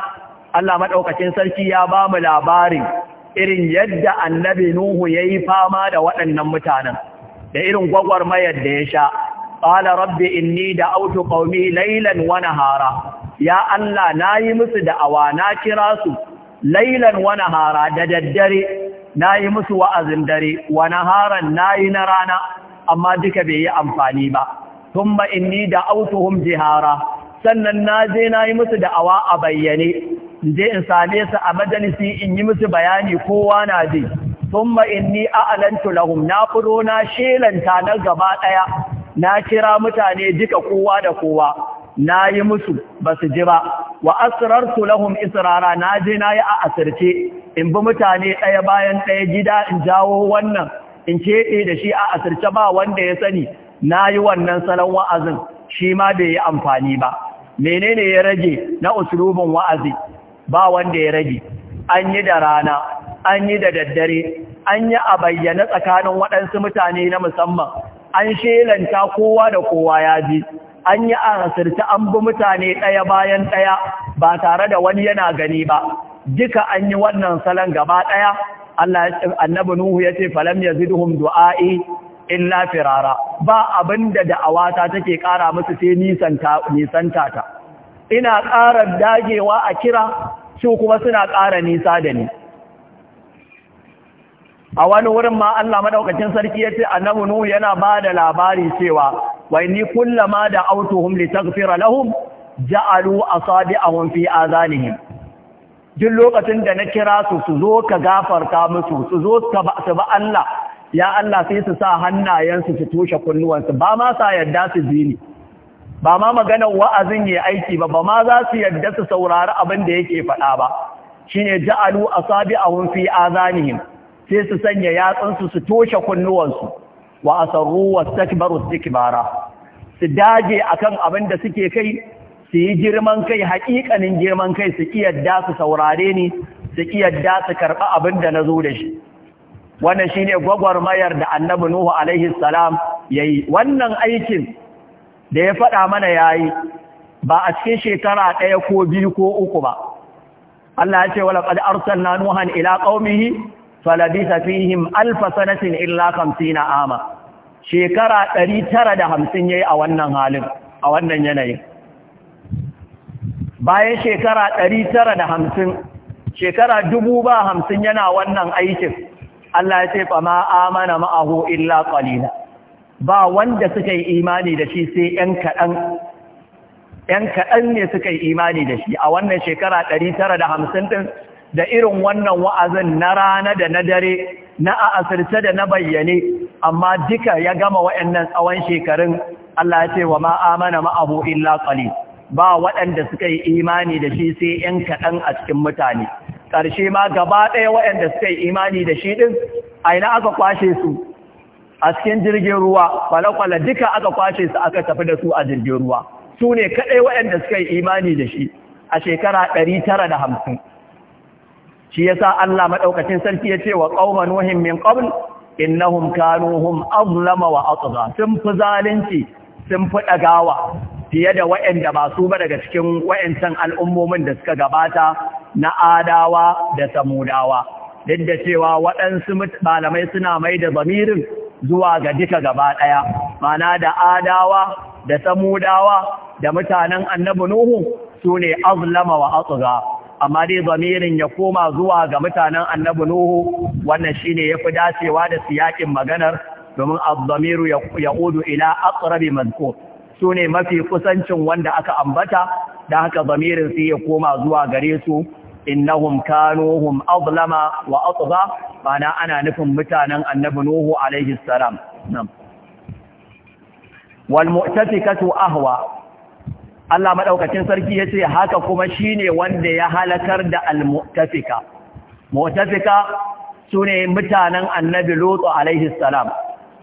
S1: Allah maɗaukacin sarki ya ba mu labarin irin yadda annabi Nuhu ya yi fama da waɗannan mutanen, da irin gwagwarmayar da ya sha, ƙala rabbi inni da autu ƙaumi lailan wani hara, ya Allah na yi musu da'awa na kira su lailan wani hara da daddare, na yi musu wa'azin dare, wani haran na yi na rana, amma duka bai yi amfani ba. Tumma inni da autuhum jihara, sannan na je na yi musu da'awa a bayyane, in je in same su a majalisi in yi musu bayani kowa na ji thumma inni a'lantu lahum na furo na shelanta na gaba daya na kira mutane duka kowa da kowa na yi musu ba su ji ba wa asrartu lahum israra na je na yi a asirce in bi mutane ɗaya bayan ɗaya, gida in jawo wannan in keɓe da shi a asirce ba wanda ya sani na yi wannan salon wa'azin shi ma bai yi amfani ba menene ya rage na usulubin wa'azi ba wanda ya rage an yi da rana an yi da daddare an yi a bayyana tsakanin waɗansu mutane na musamman an shelanta kowa da kowa ya ji an yi a hasirta an bi mutane ɗaya bayan ɗaya ba tare da wani yana gani ba duka an yi wannan salon gaba ɗaya annabi Nuhu ya ce falam yazidhum du'a'i illa firara ba abinda da'awata take ƙara musu sai nisanta ta ina ƙara dagewa a kira su kuma suna ƙara nisa da ni a wani wurin ma Allah maɗaukacin sarki ya yace annabi nu yana ba da labari cewa ni inni kullama da autuhum litaghfira lahum ja'alu asabi'ahum fi azanihim duk lokacin da na kira su su zo ka gafarta musu su zo su ba Allah ya Allah sai su sa hannayensu su tushe kunnuwansu ba ma sa yadda su ji ni ba ma maganar wa'azin ya aiki ba ba ma za su yadda su saurari abin da yake faɗa ba shine ja'alu a a asabi'ahum a zanihin sai su sanya yatsunsu su toshe kunnuwansu wa asarru wastakbaru istikbara su daje kan abin da suke kai su yi girman kai haƙiƙanin girman kai su yarda su saurare ni su yarda su karɓi abin da na zo da shi wannan shine gwagwarmayar da annabi nuhu alaihi salam yi wannan aikin da ya faɗa mana ya yi, ba a cikin shekara ɗaya ko biyu ko uku ba Allah ya ce wala qad na nuhan ila ƙaumihi falabisa fihim alf sanatin illa 50 ama shekara ɗari ya yi a wannan halin a wannan yanayin bayan shekara ɗari tara da hamsin, shekara dubu ba hamsin yana wannan aikin Allah ya ce fa ma amana ma'ahu illa ƙalila. ba wanda suka yi imani da shi sai ‘yan kaɗan ‘yan kaɗan ne suka yi imani da shi a wannan shekara ɗari tara da hamsin ɗin da irin wannan wa'azin na rana da na dare na a asirce da na bayyane amma duka ya gama wa'yannan tsawon shekarun Allah ya ce wa ma'amana ma'abu illa ƙali ba waɗanda suka yi imani da shi sai ‘yan kaɗan a cikin mutane ƙarshe ma gaba ɗaya waɗanda suka yi imani da shi ɗin a ina aka kwashe su a cikin jirgin ruwa kwale-kwale duka aka kwashe su aka tafi da su a jirgin ruwa su ne kaɗai waɗanda suka yi imani da shi a shekara ɗari tara da hamsin. shi yasa Allah maɗaukacin sarki ya ce wa ƙauman nuhin min qabl innahum kanu azlama wa atgha sun fi zalunci sun fi ɗagawa fiye da waɗanda ba su ba daga cikin waɗancan al'ummomin da suka gabata na adawa da samudawa duk da cewa waɗansu malamai suna mai da zamirin zuwa ga duka gaba ɗaya mana da adawa da samudawa da mutanen annabi nuhu su ne azlama wa atsuga amma dai zamirin ya koma zuwa ga mutanen annabi nuhu wannan shine yafi dacewa da siyakin maganar domin az-zamiru yaudu ila aqrabi mazkur su ne mafi kusancin wanda aka ambata da haka zamirin sai ya koma zuwa gare su innahum kanu hum azlama wa atgha mana ana nufin mutanen annabi nuhu alaihi salam nam wal mu'tafikatu ahwa Allah madaukakin sarki yace haka kuma shine wanda ya halakar da al mu'tafika mu'tafika sune mutanen annabi lutu alaihi salam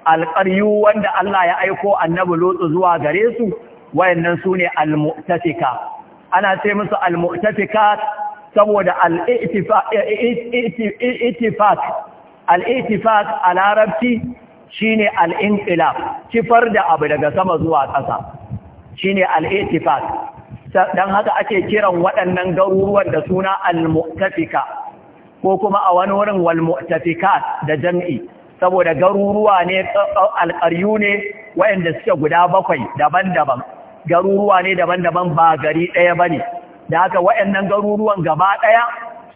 S1: alqaryu wanda Allah ya aiko annabi lutu zuwa gare su wayannan sune al mu'tafika ana ce musu al mu'tafikat saboda al'itifak al'itifak a larabci shi ne al'inƙila kifar da abu daga sama zuwa ƙasa shi ne al'itifak don haka ake kiran waɗannan garuruwan da suna al-mu'tafika ko kuma a wani wurin wal da jam'i saboda garuruwa ne alƙaryu ne waɗanda suke guda bakwai daban-daban garuruwa ne daban-daban ba gari ɗaya ba ne da haka waɗannan garuruwan gaba ɗaya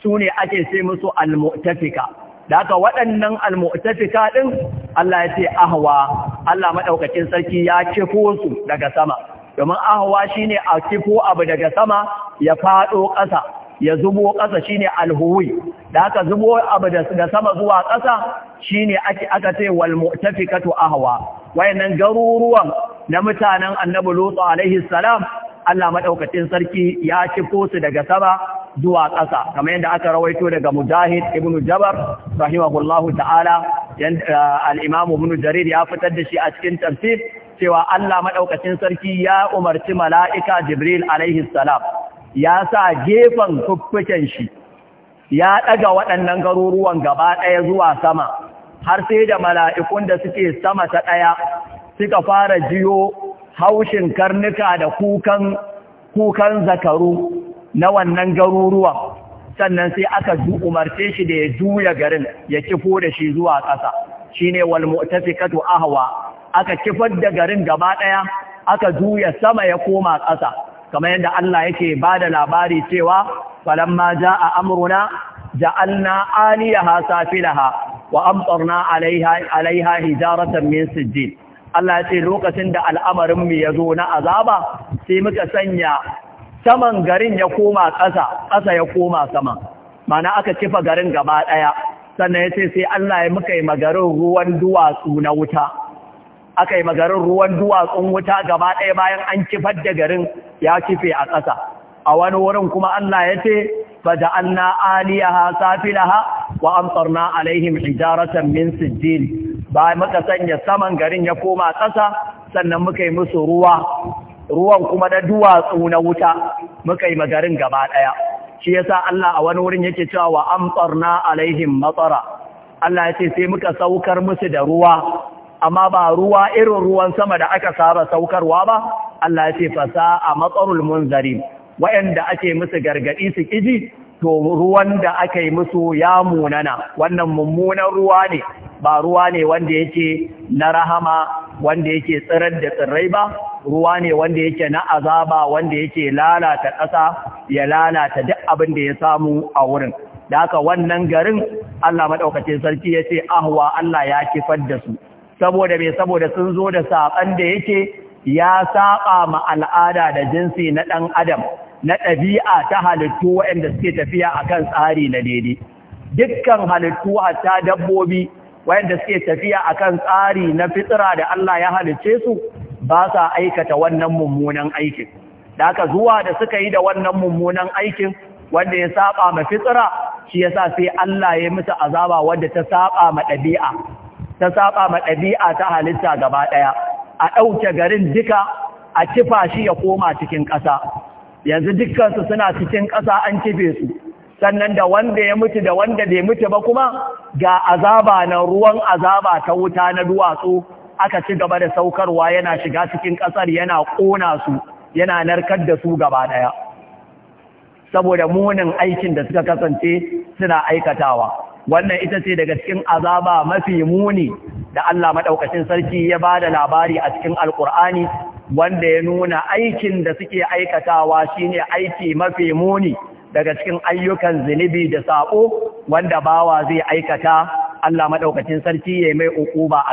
S1: su ne ake sai musu almu'tafika da haka waɗannan almu'tafika ɗin Allah ya ce Ahawa, Allah maɗaukacin sarki ya kifo su daga sama domin ahwa ne a kifo abu daga sama ya faɗo ƙasa ya zubo ƙasa shi ne alhuwi da haka zubo abu daga sama zuwa ƙasa shi ne aka ce wal to ahwa wayannan garuruwan na mutanen annabi lutu alaihi salam Allah maɗaukacin sarki ya ciko su daga sama zuwa ƙasa kamar yadda aka rawaito daga Mujahid ibn Jabar rahimahullahu ta'ala uh, al-Imam Ibn Jarir ya fitar da shi a cikin tafsir cewa Allah maɗaukacin sarki ya umarci mala'ika Jibril alaihi salam ya sa gefen fuffuken shi ya ɗaga waɗannan garuruwan gaba ɗaya zuwa sama har sai da mala'ikun da suke sama ta ɗaya suka fara jiyo haushin karnuka da kukan kukan zakaru na wannan garuruwa sannan sai aka umarce shi da ya juya garin ya kifo da shi zuwa ƙasa shine wal mu'tafikatu ahwa aka kifar da garin gaba ɗaya aka juya sama ya koma ƙasa kamar yadda Allah yake bada labari cewa falamma jaa amruna ja'alna aliyaha safilaha wa amtarna alaiha alaiha hijaratan min sijjil Allah ya ce lokacin da al'amarin mu ya zo na azaba sai muka sanya saman garin ya koma ƙasa ƙasa ya koma sama mana aka kifa garin gaba ɗaya sannan ya ce sai Allah ya muka yi magarin ruwan duwatsu na wuta aka yi magarin ruwan duwatsun wuta gaba ɗaya bayan an kifar da garin ya kife a ƙasa a wani wurin kuma Allah ya ce فجعلنا آليها سافلها وأمطرنا alaihim حجارة min سجيل ba muka sanya saman garin ya koma ƙasa sannan muka yi musu ruwa ruwan kuma da duwatsu na wuta muka yi magarin gaba ɗaya shi yasa Allah a wani wurin yake cewa wa amtarna alaihim matsara Allah ya ce sai muka saukar musu da ruwa amma ba ruwa irin ruwan sama da aka saba saukarwa ba Allah ya ce fasa a matsarul munzari wayanda ake musu gargadi su kiji to ruwan da aka yi musu ya munana wannan mummunan ruwa ne ba ruwa ne wanda yake na rahama wanda yake tsirar da tsirrai ba ruwa ne wanda yake na azaba wanda yake lalata ƙasa ya lalata duk abin da ya samu a wurin da haka wannan garin Allah maɗaukacin sarki ya ce ahwa Allah ya kifar da su saboda mai saboda sun zo da saɓan da yake ya saƙa ma al'ada da jinsi na ɗan adam na ɗabi'a ta halittu waɗanda suke tafiya a kan tsari na daidai dukkan halittu hatta dabbobi wayanda suke tafiya akan tsari na fitsira da Allah ya halice su ba sa aikata wannan mummunan aikin da aka zuwa da suka yi da wannan mummunan aikin wanda ya saba ma fitsira shi yasa sai Allah ya musu azaba wanda ta saba ma dabi'a ta saba ma ɗabi'a ta halitta gaba ɗaya a ɗauke garin duka a kifa shi ya koma cikin ƙasa yanzu dukkansu suna cikin ƙasa an kife su sannan da wanda ya mutu da wanda bai mutu ba kuma ga azaba na ruwan azaba ta wuta na duwatsu aka ci gaba da saukarwa yana shiga cikin kasar, yana kona su yana narkar da su gaba ɗaya saboda munin aikin da suka kasance suna aikatawa wannan ita ce daga cikin azaba mafi muni da Allah maɗaukacin sarki ya ba da labari a cikin alkur'ani wanda ya nuna aikin da suke aikatawa shine aiki mafi muni daga cikin ayyukan zunubi da saƙo, wanda bawa zai aikata Allah madaukakin sarki ya mai ukuba a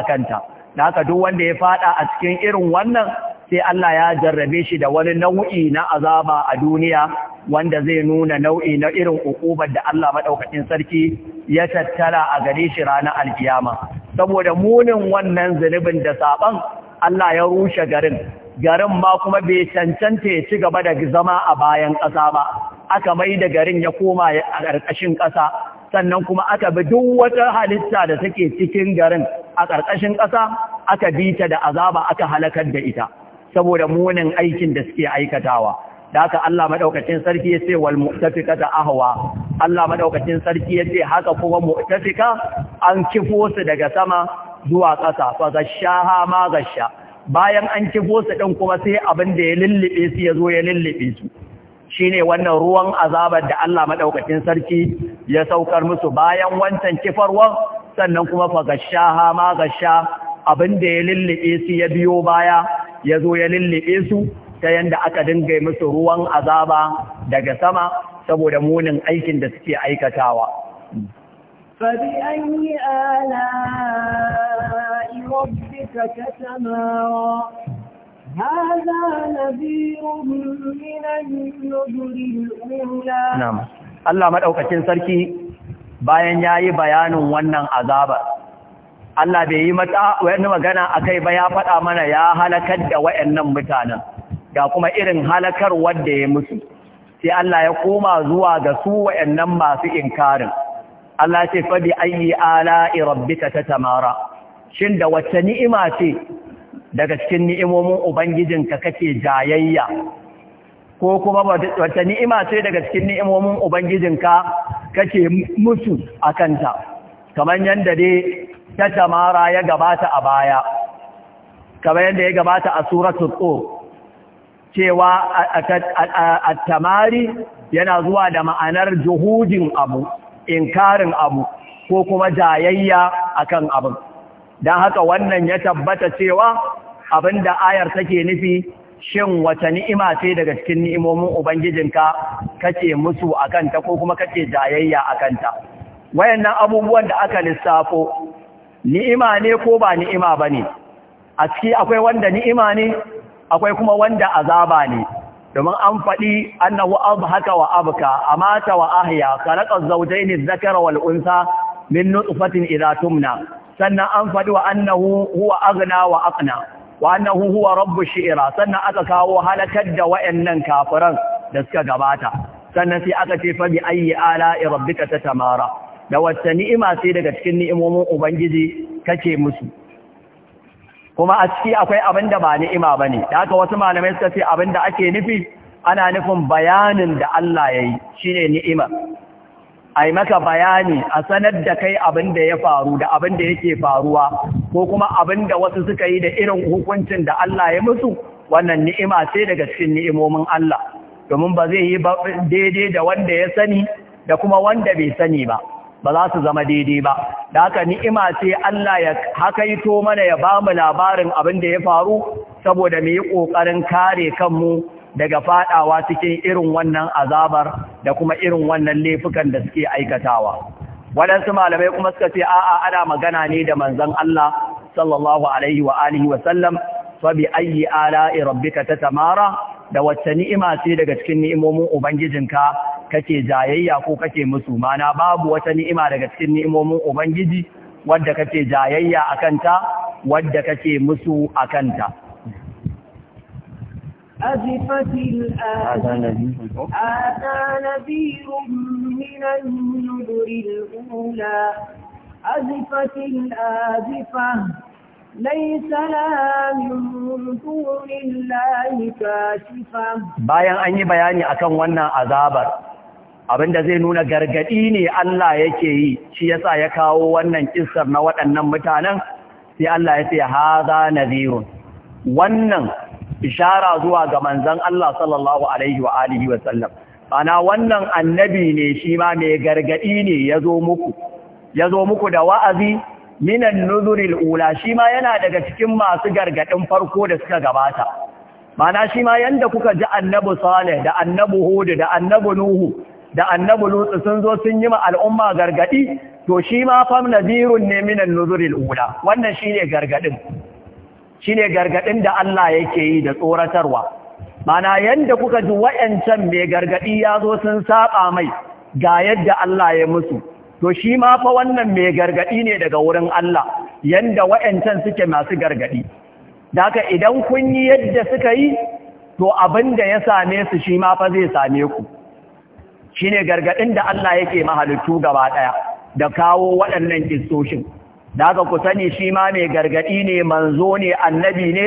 S1: da haka duk wanda ya faɗa a cikin irin wannan sai Allah ya jarrabe shi da wani nau'i na azaba a duniya wanda zai nuna nau'i na irin ukubar da Allah madaukakin sarki ya tattara a gare shi ranar alkiyama saboda munin wannan zunubin da saban Allah ya rushe garin garin ma kuma bai cancanta ya ci gaba da zama a bayan ƙasa ba aka mai da garin ya koma a ƙarƙashin ƙasa sannan kuma aka bi duk wata halitta da take cikin garin a ƙarƙashin ƙasa aka bi ta da azaba aka halakar da ita saboda munin aikin da suke aikatawa da haka Allah madaukakin sarki ya ce wal ta ahwa Allah maɗaukacin sarki ya ce haka kuma mu'tafika an kifo su daga sama zuwa ƙasa fa gashaha ma gasha bayan an kifo su din kuma sai abin da ya lullube su ya zo ya lullube su Shi ne wannan ruwan azabar da Allah maɗaukacin sarki ya saukar musu bayan wancan kifarwar, sannan kuma fa gashaha ma gasha abinda ya lulluɓe su ya biyo baya ya zo ya lulluɓe su ta yanda aka dinga musu ruwan azaba daga sama saboda munin aikin da suke aikatawa
S2: فبأي هذا نذير من النذر الأولى نعم
S1: الله bayan ya yi bayanin wannan azabar Allah bai yi mata wani magana a kai ba ya faɗa mana ya halakar da wa'yannan mutanen ga kuma irin halakar wanda ya mutu. sai Allah ya koma zuwa ga su wa'yannan masu inkarin Allah ce faɗi ayi ala irabbika ta tamara shin da wacce ni'ima ce daga cikin ni'imomin Ubangijinka kake jayayya ko kuma wata ni'ima sai daga cikin ni'imomin Ubangijinka kake mutu a kanta kamar yadda dai ta tamara ya gabata a baya kamar yadda ya gabata a suratul tsoro cewa a tamari yana zuwa da ma'anar juhudin abu inkarin abu ko kuma jayayya akan abin don haka wannan ya tabbata cewa Abin da ayar take nufi shin wata ni'ima ce daga cikin ni'imomin ubangijinka kace musu akan ta ko kuma kace jayayya akan ta wayannan abubuwan da aka lissafo ni'ima ne ko ba ni'ima bane a ciki akwai wanda ni'ima ne akwai kuma wanda azaba ne domin an faɗi annahu abhaka wa abka amata wa ahya khalaqa az-zawjayn dhakara wal unsa min nutfatin idha tumna sannan an faɗi wa annahu huwa aghna wa aqna wa annahu huwa rabbu shi'ira, sannan aka kawo halakar da wayannan kafiran da suka gabata sannan sai aka ce fa bi ayyi ala'i rabbika tatamara da wacce ni'ima sai daga cikin ni'imomin ubangiji kake musu kuma a ciki akwai abin da ba ni'ima bane da haka wasu malamai suka ce abin da ake nufi ana nufin bayanin da Allah yayi shine ni'ima a yi maka bayani a sanar da kai abin da ya faru da abin da yake faruwa ko kuma abin da wasu suka yi da irin hukuncin da Allah ya musu wannan ni'ima ce daga cikin ni'imomin Allah domin ba zai yi daidai da wanda ya sani da kuma wanda bai sani ba ba za su zama daidai ba da haka ni'ima ce Allah ya hakaito mana ya ba mu labarin abin da ya faru saboda mu yi ƙoƙarin kare kanmu daga fadawa cikin irin wannan azabar da kuma irin wannan laifukan da suke aikatawa waɗansu malamai kuma suka ce a'a ana magana ne da manzon Allah sallallahu alaihi wa alihi wa sallam fa bi ayyi ala'i rabbika tatamara da wacce ni'ima ce daga cikin ni'imomin ubangijinka kake jayayya ko kake musu mana babu wata ni'ima daga cikin ni'imomin ubangiji wadda kake jayayya a kanta, wadda kake musu a kanta?
S2: أزفت الآزفة آتى نذير من النذر الأولى أزفت الآزفة ليس لا من دون الله كاشفة
S1: bayan an yi bayani akan wannan azabar abinda zai nuna gargadi ne Allah yake yi shi yasa ya kawo wannan kissar na waɗannan mutanen sai Allah ya ce haza nadhirun wannan ishara zuwa ga manzon Allah sallallahu alaihi wa alihi ana wannan annabi ne shi ma mai gargaɗi ne yazo muku muku da wa'azi minan nuzuril ula shi ma yana daga cikin masu gargaɗin farko da suka gabata mana shi ma yanda kuka ji annabi Saleh da annabi hud da annabi nuhu da annabu lutsu sun zo sun yi ma al'umma gargaɗi, to shi ma fam nazirun ne minan nuzuril ula wannan shine gargaɗin. shine gargaɗin da Allah yake yi da tsoratarwa mana yadda kuka ji wayancan mai gargaɗi ya zo sun saba mai ga yadda Allah ya musu to shi ma fa wannan mai gargaɗi ne daga wurin Allah yadda wayancan suke masu gargaɗi daka idan kun yi yadda suka yi to abin da ya same su shi ma fa zai same ku shine gargaɗin da Allah yake mahalittu gaba ɗaya da kawo waɗannan kistoshin da aka ku sani shi ma mai gargaɗi ne manzo ne annabi ne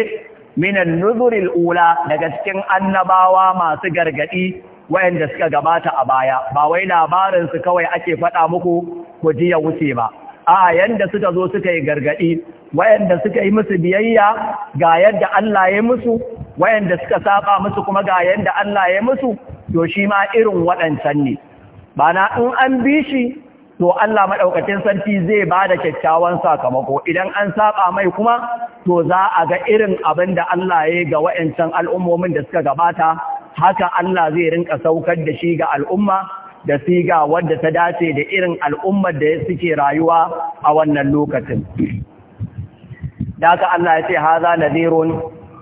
S1: minan nuzuril ula daga cikin annabawa masu gargaɗi, wayanda suka gabata a baya ba wai labarin su kawai ake faɗa muku ku ji ya wuce ba a yanda suka zo suka yi gargaɗi, wayanda suka yi musu biyayya ga yadda Allah ya musu wayanda suka saba musu kuma ga yadda Allah ya musu to shi ma irin waɗancan ne bana in an bi shi to Allah maɗaukacin sarki zai ba da kyakkyawan sakamako idan an saba mai kuma to za a ga irin abin da Allah ya ga wa'ancan al'ummomin da suka gabata haka Allah zai rinka saukar da shi ga al'umma da siga wadda ta dace da irin al'ummar da suke rayuwa a wannan lokacin da haka Allah ya ce haza nadhirun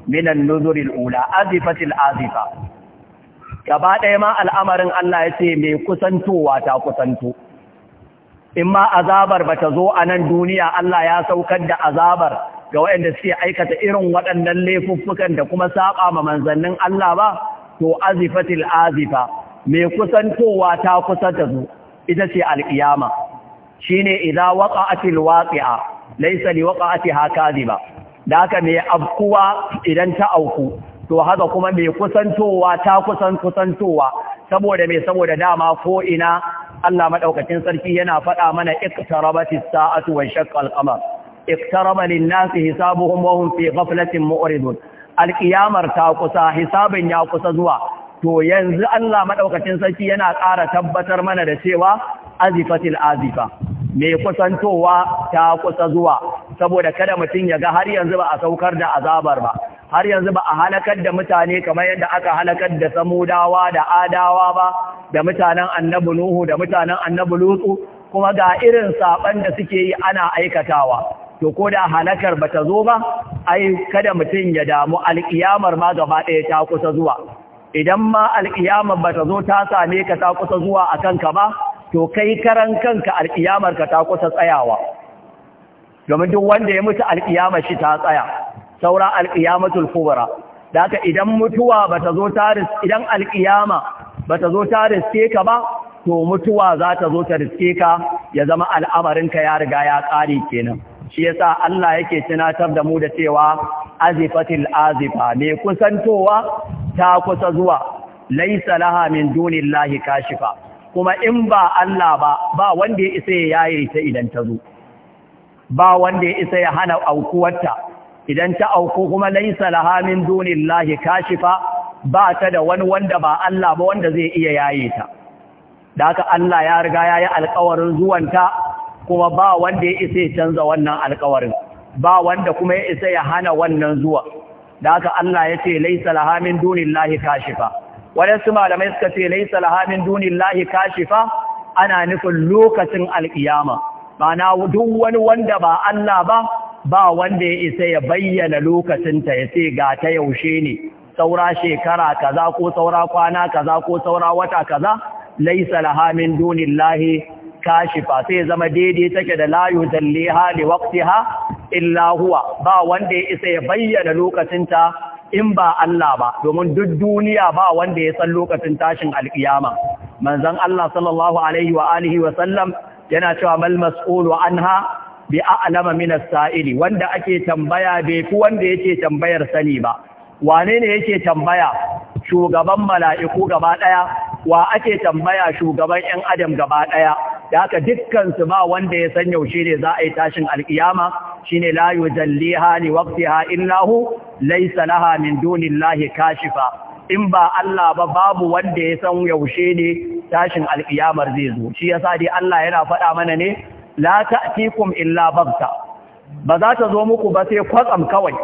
S1: minan nuzuril ula azifatil azifa gaba ɗaya ma al'amarin Allah ya ce mai kusantowa ta kusanto in ma azabar ba ta zo a nan duniya Allah ya saukar da azabar ga waɗanda suke aikata irin waɗannan laifuffukan da kuma saƙa ma manzannin Allah ba to azifatil azifa mai kusantowa ta kusa ta zo ita ce alƙiyama shine idza waqa'atil waqi'a laisa li waqa'atiha ba. da haka mai afkuwa idan ta auku to haka kuma mai kusantowa ta kusan kusantowa saboda mai saboda dama ko ina Allah madaukakin sarki yana faɗa mana iqtarabatis sa'atu wa shaqqa al-qamar iqtaraba lin-nasi hisabuhum wa hum fi ghaflatin mu'ridun al-qiyamar ta kusa hisabin ya kusa zuwa to yanzu Allah madaukakin sarki yana ƙara tabbatar mana da cewa azifatil azifa mai kusantowa ta kusa zuwa saboda kada mutum ya ga har yanzu ba a saukar da azabar ba har yanzu ba a halakar da mutane kamar yadda aka halakar da samudawa da adawa ba da mutanen annabu nuhu da mutanen annabi lutsu kuma ga irin saban da suke yi ana aikatawa to ko da halakar bata zo ba ai kada mutum ya damu alkiyamar ma gaba ɗaya ta kusa zuwa idan ma alkiyamar bata zo ta same ka ta kusa zuwa a kanka ba to kai karan kanka alkiyamar ka ta kusa tsayawa domin duk wanda ya mutu alkiyamar shi ta tsaya saura alƙiyamatul kubra da haka idan mutuwa bata zo taris idan alƙiyama bata zo ta riske ka ba to mutuwa za ta zo ta riske ka ya zama al'amarin ka ya riga ya ƙare kenan shi sa Allah yake tunatar da mu da cewa azifatil azifa mai kusantowa ta kusa zuwa laisa laha min dunillahi kashifa kuma in ba Allah ba ba wanda ya isa ya yayi ta idan ta zo ba wanda ya isa ya hana aukuwarta idan ta auku kuma laisa laha min dunillahi kashifa ba ta da wani wanda ba Allah ba wanda zai iya yaye ta da haka Allah ya riga ya yi alƙawarin zuwanta kuma ba wanda ya isa ya canza wannan alƙawarin ba wanda kuma ya isa ya hana wannan zuwa da haka Allah ya ce laisa laha min dunillahi kashifa wadansu malamai suka ce laisa laha min dunillahi kashifa ana nufin lokacin alƙiyama Mana duk wani wanda ba Allah ba ba wanda ya isa ya bayyana lokacinta ya ce ga ta yaushe ne saura shekara kaza ko saura kwana kaza ko saura wata kaza laisa laha min dunillahi kashifa sai zama daidai take da layu dalliha li waqtiha illa huwa ba wanda ya isa ya bayyana lokacinta in ba Allah ba domin duk duniya ba wanda ya san lokacin tashin alkiyama manzon Allah sallallahu alaihi wa alihi wa sallam yana cewa mal mas'ulu anha bi a'lama min as-sa'ili wanda ake tambaya bai fi wanda yake tambayar sani ba wane ne yake tambaya shugaban mala'iku gaba daya wa ake tambaya shugaban ƴan adam gaba daya da haka dukkan su ba wanda ya san yaushe ne za a yi tashin alkiyama shine la yujalliha li waqtiha illahu laysa laha min dunillahi kashifa in ba Allah ba babu wanda ya san yaushe ne tashin alkiyamar zai zo shi yasa dai Allah yana faɗa mana ne la ta'tikum illa barta. ba za ta zo muku ba sai kwatsam kawai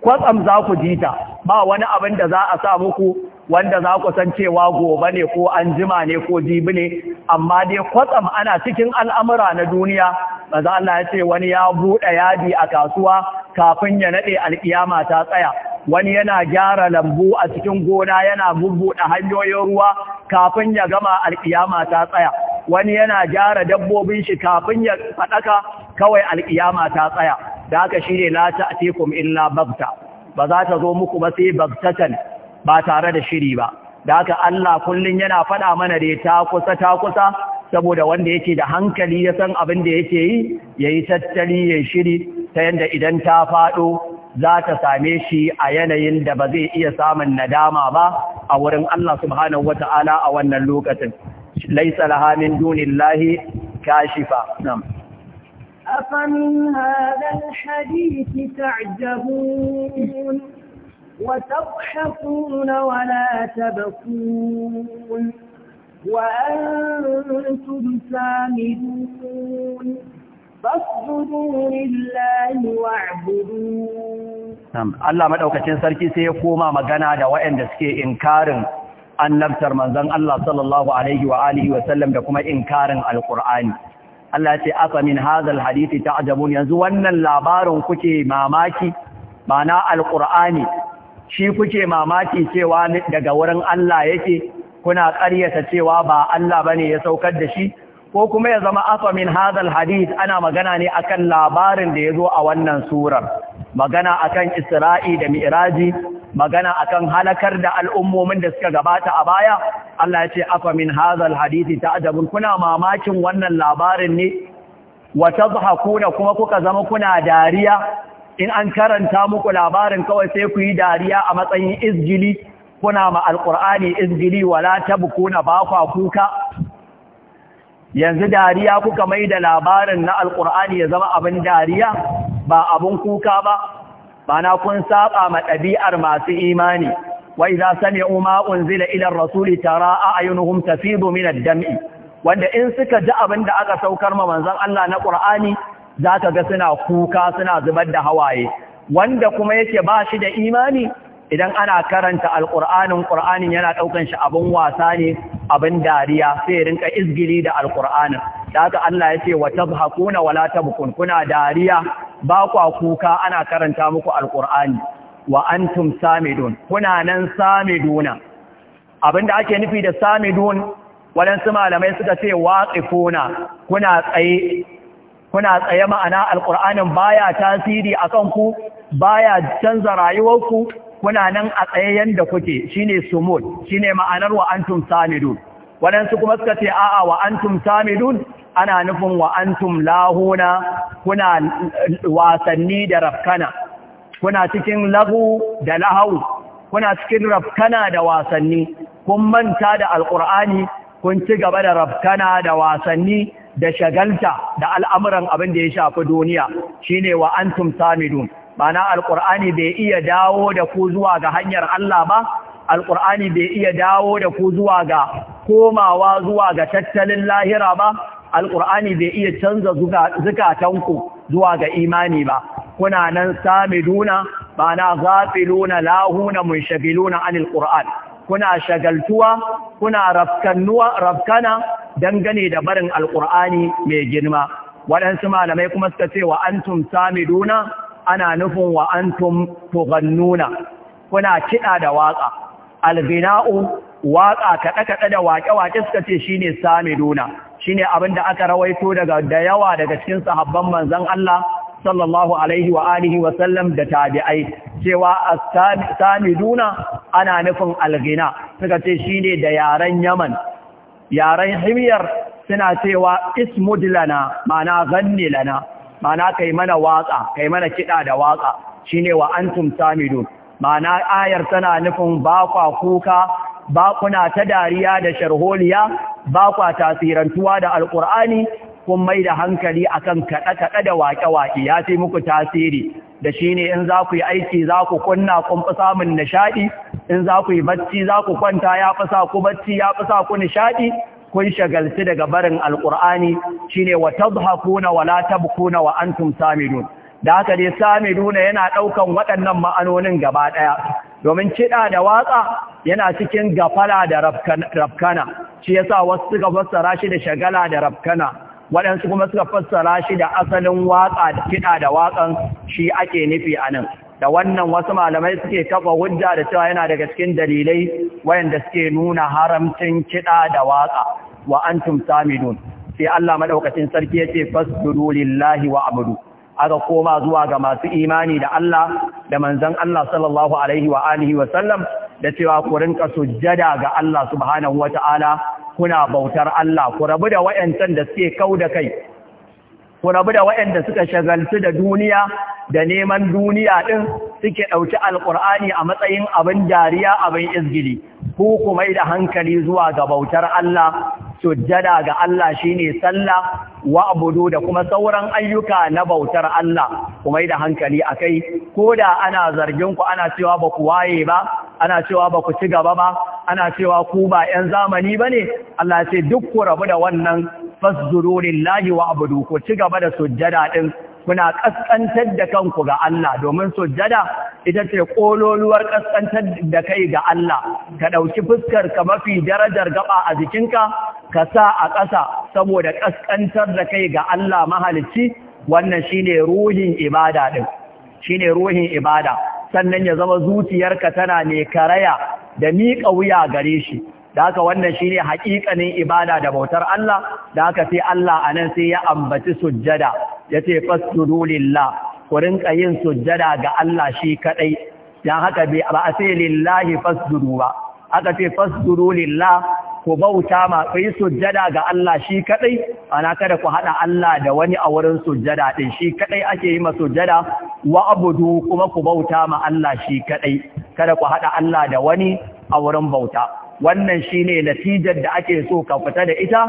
S1: kwatsam za ku ji ta ba wani abin da za a sa muku wanda za ku san cewa gobe ne ko an jima ne ko jibi ne amma dai kwatsam ana cikin al'amura na duniya maza Allah ya ce wani ya buɗe yadi a kasuwa kafin ya naɗe alƙiyama ta tsaya wani yana gyara lambu a cikin gona yana bubbuɗe hanyoyin ruwa kafin ya gama alƙiyama ta tsaya wani yana gyara dabbobin shi kafin ya faɗaka kawai alkiyama ta tsaya da haka shi ne la ta'tikum illa babta ba za ta zo muku ba sai babtatan ba tare da shiri ba da haka Allah kullun yana faɗa mana da ta kusa ta kusa saboda wanda yake da hankali ya san abin da yake yi yayi tattali ya shiri ta yanda idan ta faɗo za ta same shi a yanayin da ba zai iya samun nadama ba a wurin Allah subhanahu wata'ala a wannan lokacin laisa laha min dunillahi kashifa na'am
S2: afamin hadha alhadith ta'jabun wa tadhhakuna wa la tabkun wa antum samidun fasjudu lillahi wa'budu
S1: Allah maɗaukacin sarki sai ya koma magana da waɗanda suke inkarin annabtar manzon Allah sallallahu alaihi wa alihi wa da kuma inkarin alqur'ani Allah ya ce afa min hadithi hadisi ta'jabun yanzu wannan labarin kuke mamaki mana alqur'ani shi kuke mamaki cewa daga wurin Allah yake kuna ƙaryata cewa ba Allah ne ya saukar da shi ko kuma ya zama afa min hadhal hadith ana magana ne akan labarin da ya zo a wannan surar magana akan Isra'i da Mi'raji magana akan halakar da al'ummomin da suka gabata a baya Allah ya ce afa min hadhal hadisi ta'jabun kuna mamakin wannan labarin ne wa tadhakuna kuma kuka zama kuna dariya in an karanta muku labarin kawai sai ku yi dariya a matsayin izgili kuna ma alqur'ani izgili wala tabkuna ba bakwa kuka yanzu dariya kuka mai da labarin na alqur'ani ya zama abin dariya ba abin kuka ba ma'ana kun saba ma ɗabi'ar masu imani wai za sami'u ma unzila ila ar-rasuli tara a tafidu min ad-dam'i wanda in suka ji abin da aka saukar ma manzon Allah na Za zaka ga suna kuka suna zubar da hawaye wanda kuma yake ba shi da imani idan ana karanta alƙur'anin ƙur'anin yana ɗaukan shi abin wasa ne abin dariya sai rinka izgili da alƙur'anin da haka Allah ya ce wa tabhakuna wala tabkun kuna dariya ba kwa kuka ana karanta muku alƙur'ani wa antum samidun kuna nan samiduna abinda ake nufi da samidun waɗansu malamai suka ce waqifuna kuna tsaye kuna tsaye ma'ana alƙur'anin baya tasiri akan ku baya canza rayuwarku kuna nan a tsayayyen da kuke shine sumud shine ma'anar wa antum samidun waɗansu kuma suka ce a'a wa antum samidun ana nufin wa antum lahuna kuna wasanni da rafkana kuna cikin lahu da lahau kuna cikin rafkana da wasanni kun manta da alkur'ani kun ci gaba da rafkana da wasanni da shagalta da al'amuran abin da ya shafi duniya shine wa antum samidun Bana alƙur'ani bai iya dawo da ku zuwa ga hanyar Allah ba alƙur'ani bai iya dawo da ku zuwa ga komawa zuwa ga tattalin lahira ba alƙur'ani bai iya canza zukatanku zuwa ga imani ba kuna nan samiduna ma'ana zafiluna lahuna munshagiluna anil Alƙur'an. kuna shagaltuwa kuna rafkana dangane da barin alkur'ani mai girma waɗansu malamai kuma suka ce wa antum samiduna ana nufin wa antum tughannuna kuna kiɗa da waƙa albina'u waƙa kaɗe-kaɗe da waƙe-waƙe suka ce shine samiduna shine abin da aka rawaito daga da yawa daga cikin sahabban manzon Allah sallallahu alaihi wa alihi wa sallam da tabi'ai cewa sami samiduna ana nufin alghina suka ce shine da yaren Yaman yaren Himyar suna cewa ismudlana lana ma'ana ganni lana ma'ana kai mana watsa kai mana kiɗa da watsa shine wa antum samidun ma'ana ayar tana nufin bakwa, kuka bakuna ta dariya da sharholiya bakwa kwa tasirantuwa da alkur'ani kun mai da hankali akan kaɗe-kaɗe da waƙe-waƙe ya fi muku tasiri da shi ne in za ku yi aiki za ku kunna kun fi samun nishaɗi in za ku yi bacci za ku kwanta ya fi sa ku bacci ya fi sa ku nishaɗi kun shagalci daga barin alqur'ani shine wa tadhakuna wa la tabkuna wa antum samidun da haka dai samiduna yana daukan waɗannan ma'anonin gaba daya domin kiɗa da watsa yana cikin gafala da rafkana shi yasa wasu suka fassara shi da shagala da rafkana waɗansu kuma suka fassara shi da asalin watsa da kiɗa da watsan shi ake nufi anan. da wannan wasu malamai suke kafa hujja da cewa yana daga cikin dalilai wayanda suke nuna haramcin kiɗa da waka wa antum samidun sai Allah madaukakin sarki yace fasjudu lillahi wa abudu aka koma zuwa ga masu imani da Allah da manzon Allah sallallahu alaihi wa alihi wa sallam da cewa ku rinka sujjada ga Allah subhanahu wataala kuna bautar Allah ku rabu da wayancan da suke kauda kai ku rabu da waɗanda suka shagaltu da duniya da neman duniya ɗin suke ɗauki alƙur'ani a matsayin abin jariya, abin izgili ku kuma da hankali zuwa ga bautar Allah sujjada ga Allah shine sallah wa abudu da kuma sauran ayyuka na bautar Allah kuma da hankali akai da ana zargin ku ana cewa ba ku waye ba ana cewa ba ku ci gaba ba ana cewa ku ba 'yan zamani ba ne? Allah ce duk ku rabu da wannan fasjudu lillahi wa abudu ku ci gaba da sujjada ɗin, kuna ƙasƙantar da kanku ga Allah domin sujjada ita ce kololuwar ƙasƙantar da kai ga Allah ka ɗauki fuskar ka mafi darajar gaba a jikinka ka sa a ƙasa saboda ƙasƙantar da kai ga Allah mahalicci wannan shine ruhin ibada din shine ruhin ibada sannan ya zama zuciyarka tana ne karaya da miƙa wuya gare shi da haka wannan ne haƙiƙanin ibada da bautar Allah da haka sai Allah anan sai ya ambaci sujjada yace fasjudu lillah ku rinka yin sujjada ga Allah shi kaɗai. dan haka bai a sai lillahi fasjudu ba aka ce fasjudu lillah ku bauta ma ku yi sujjada ga Allah shi kaɗai ana kada ku haɗa Allah da wani a wurin sujjada ɗin shi kaɗai ake yi ma sujjada wa abudu kuma ku bauta ma Allah shi kaɗai? kada ku haɗa Allah da wani a wurin bauta wannan shine natijar da ake so ka fita da ita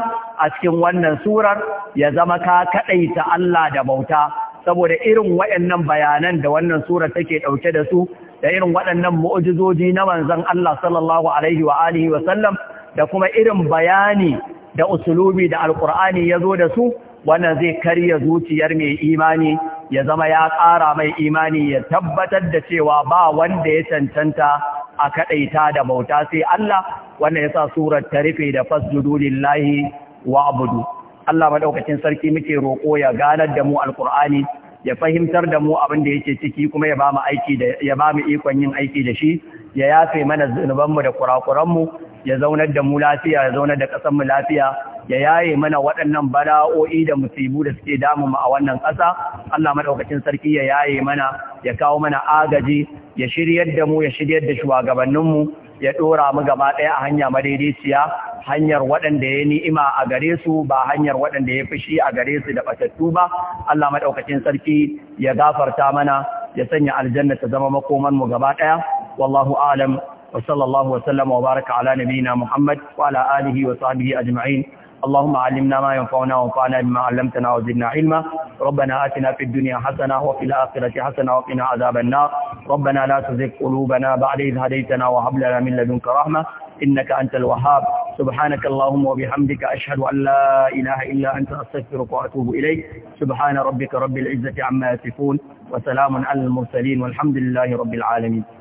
S1: a cikin wannan surar ya zama ka kaɗaita Allah da bauta saboda irin waɗannan bayanan da wannan surar take ɗauke da su da irin waɗannan mu'jizoji na manzon Allah sallallahu alaihi wa alihi wa sallam da kuma irin bayani da usulubi da alqur'ani zo da su wannan zai karya zuciyar mai imani ya zama ya ƙara mai imani ya tabbatar da cewa ba wanda ya cancanta a kaɗaita da bauta sai Allah wannan yasa surar ta rufe da fasjudu lillahi wa abudu Allah madaukakin sarki muke roƙo ya ganar da mu alqur'ani ya fahimtar da mu abin da yake ciki kuma ya bamu aiki da ya mu ikon yin aiki da shi ya yafe mana zunuban mu da kurakuran mu ya zaunar da mu lafiya ya zaunar da kasan lafiya ya yaye mana waɗannan bala'o'i da musibu da suke damu mu a wannan ƙasa, Allah maɗaukacin sarki ya yaye mana, ya kawo mana agaji, ya shiryar da mu ya shiryar da shugabanninmu ya ɗora mu gaba ɗaya a hanya madaidaiciya hanyar waɗanda ya ni'ima a gare su ba hanyar waɗanda ya fushi a gare su da batattu ba Allah madaukakin sarki ya gafarta mana ya sanya aljanna ta zama makoman mu gaba ɗaya wallahu a'lam wa sallallahu wa sallama wa baraka ala nabiyyina muhammad wa ala alihi wa sahbihi ajma'in اللهم علمنا ما ينفعنا وانفعنا بما علمتنا وزدنا علما ربنا آتنا في الدنيا حسنة وفي الآخرة حسنة وقنا عذاب النار ربنا لا تزغ قلوبنا بعد إذ هديتنا وهب لنا من لدنك رحمة إنك أنت الوهاب سبحانك اللهم وبحمدك أشهد أن لا إله إلا أنت أستغفرك وأتوب إليك سبحان
S2: ربك رب العزة عما يصفون وسلام على المرسلين والحمد لله رب العالمين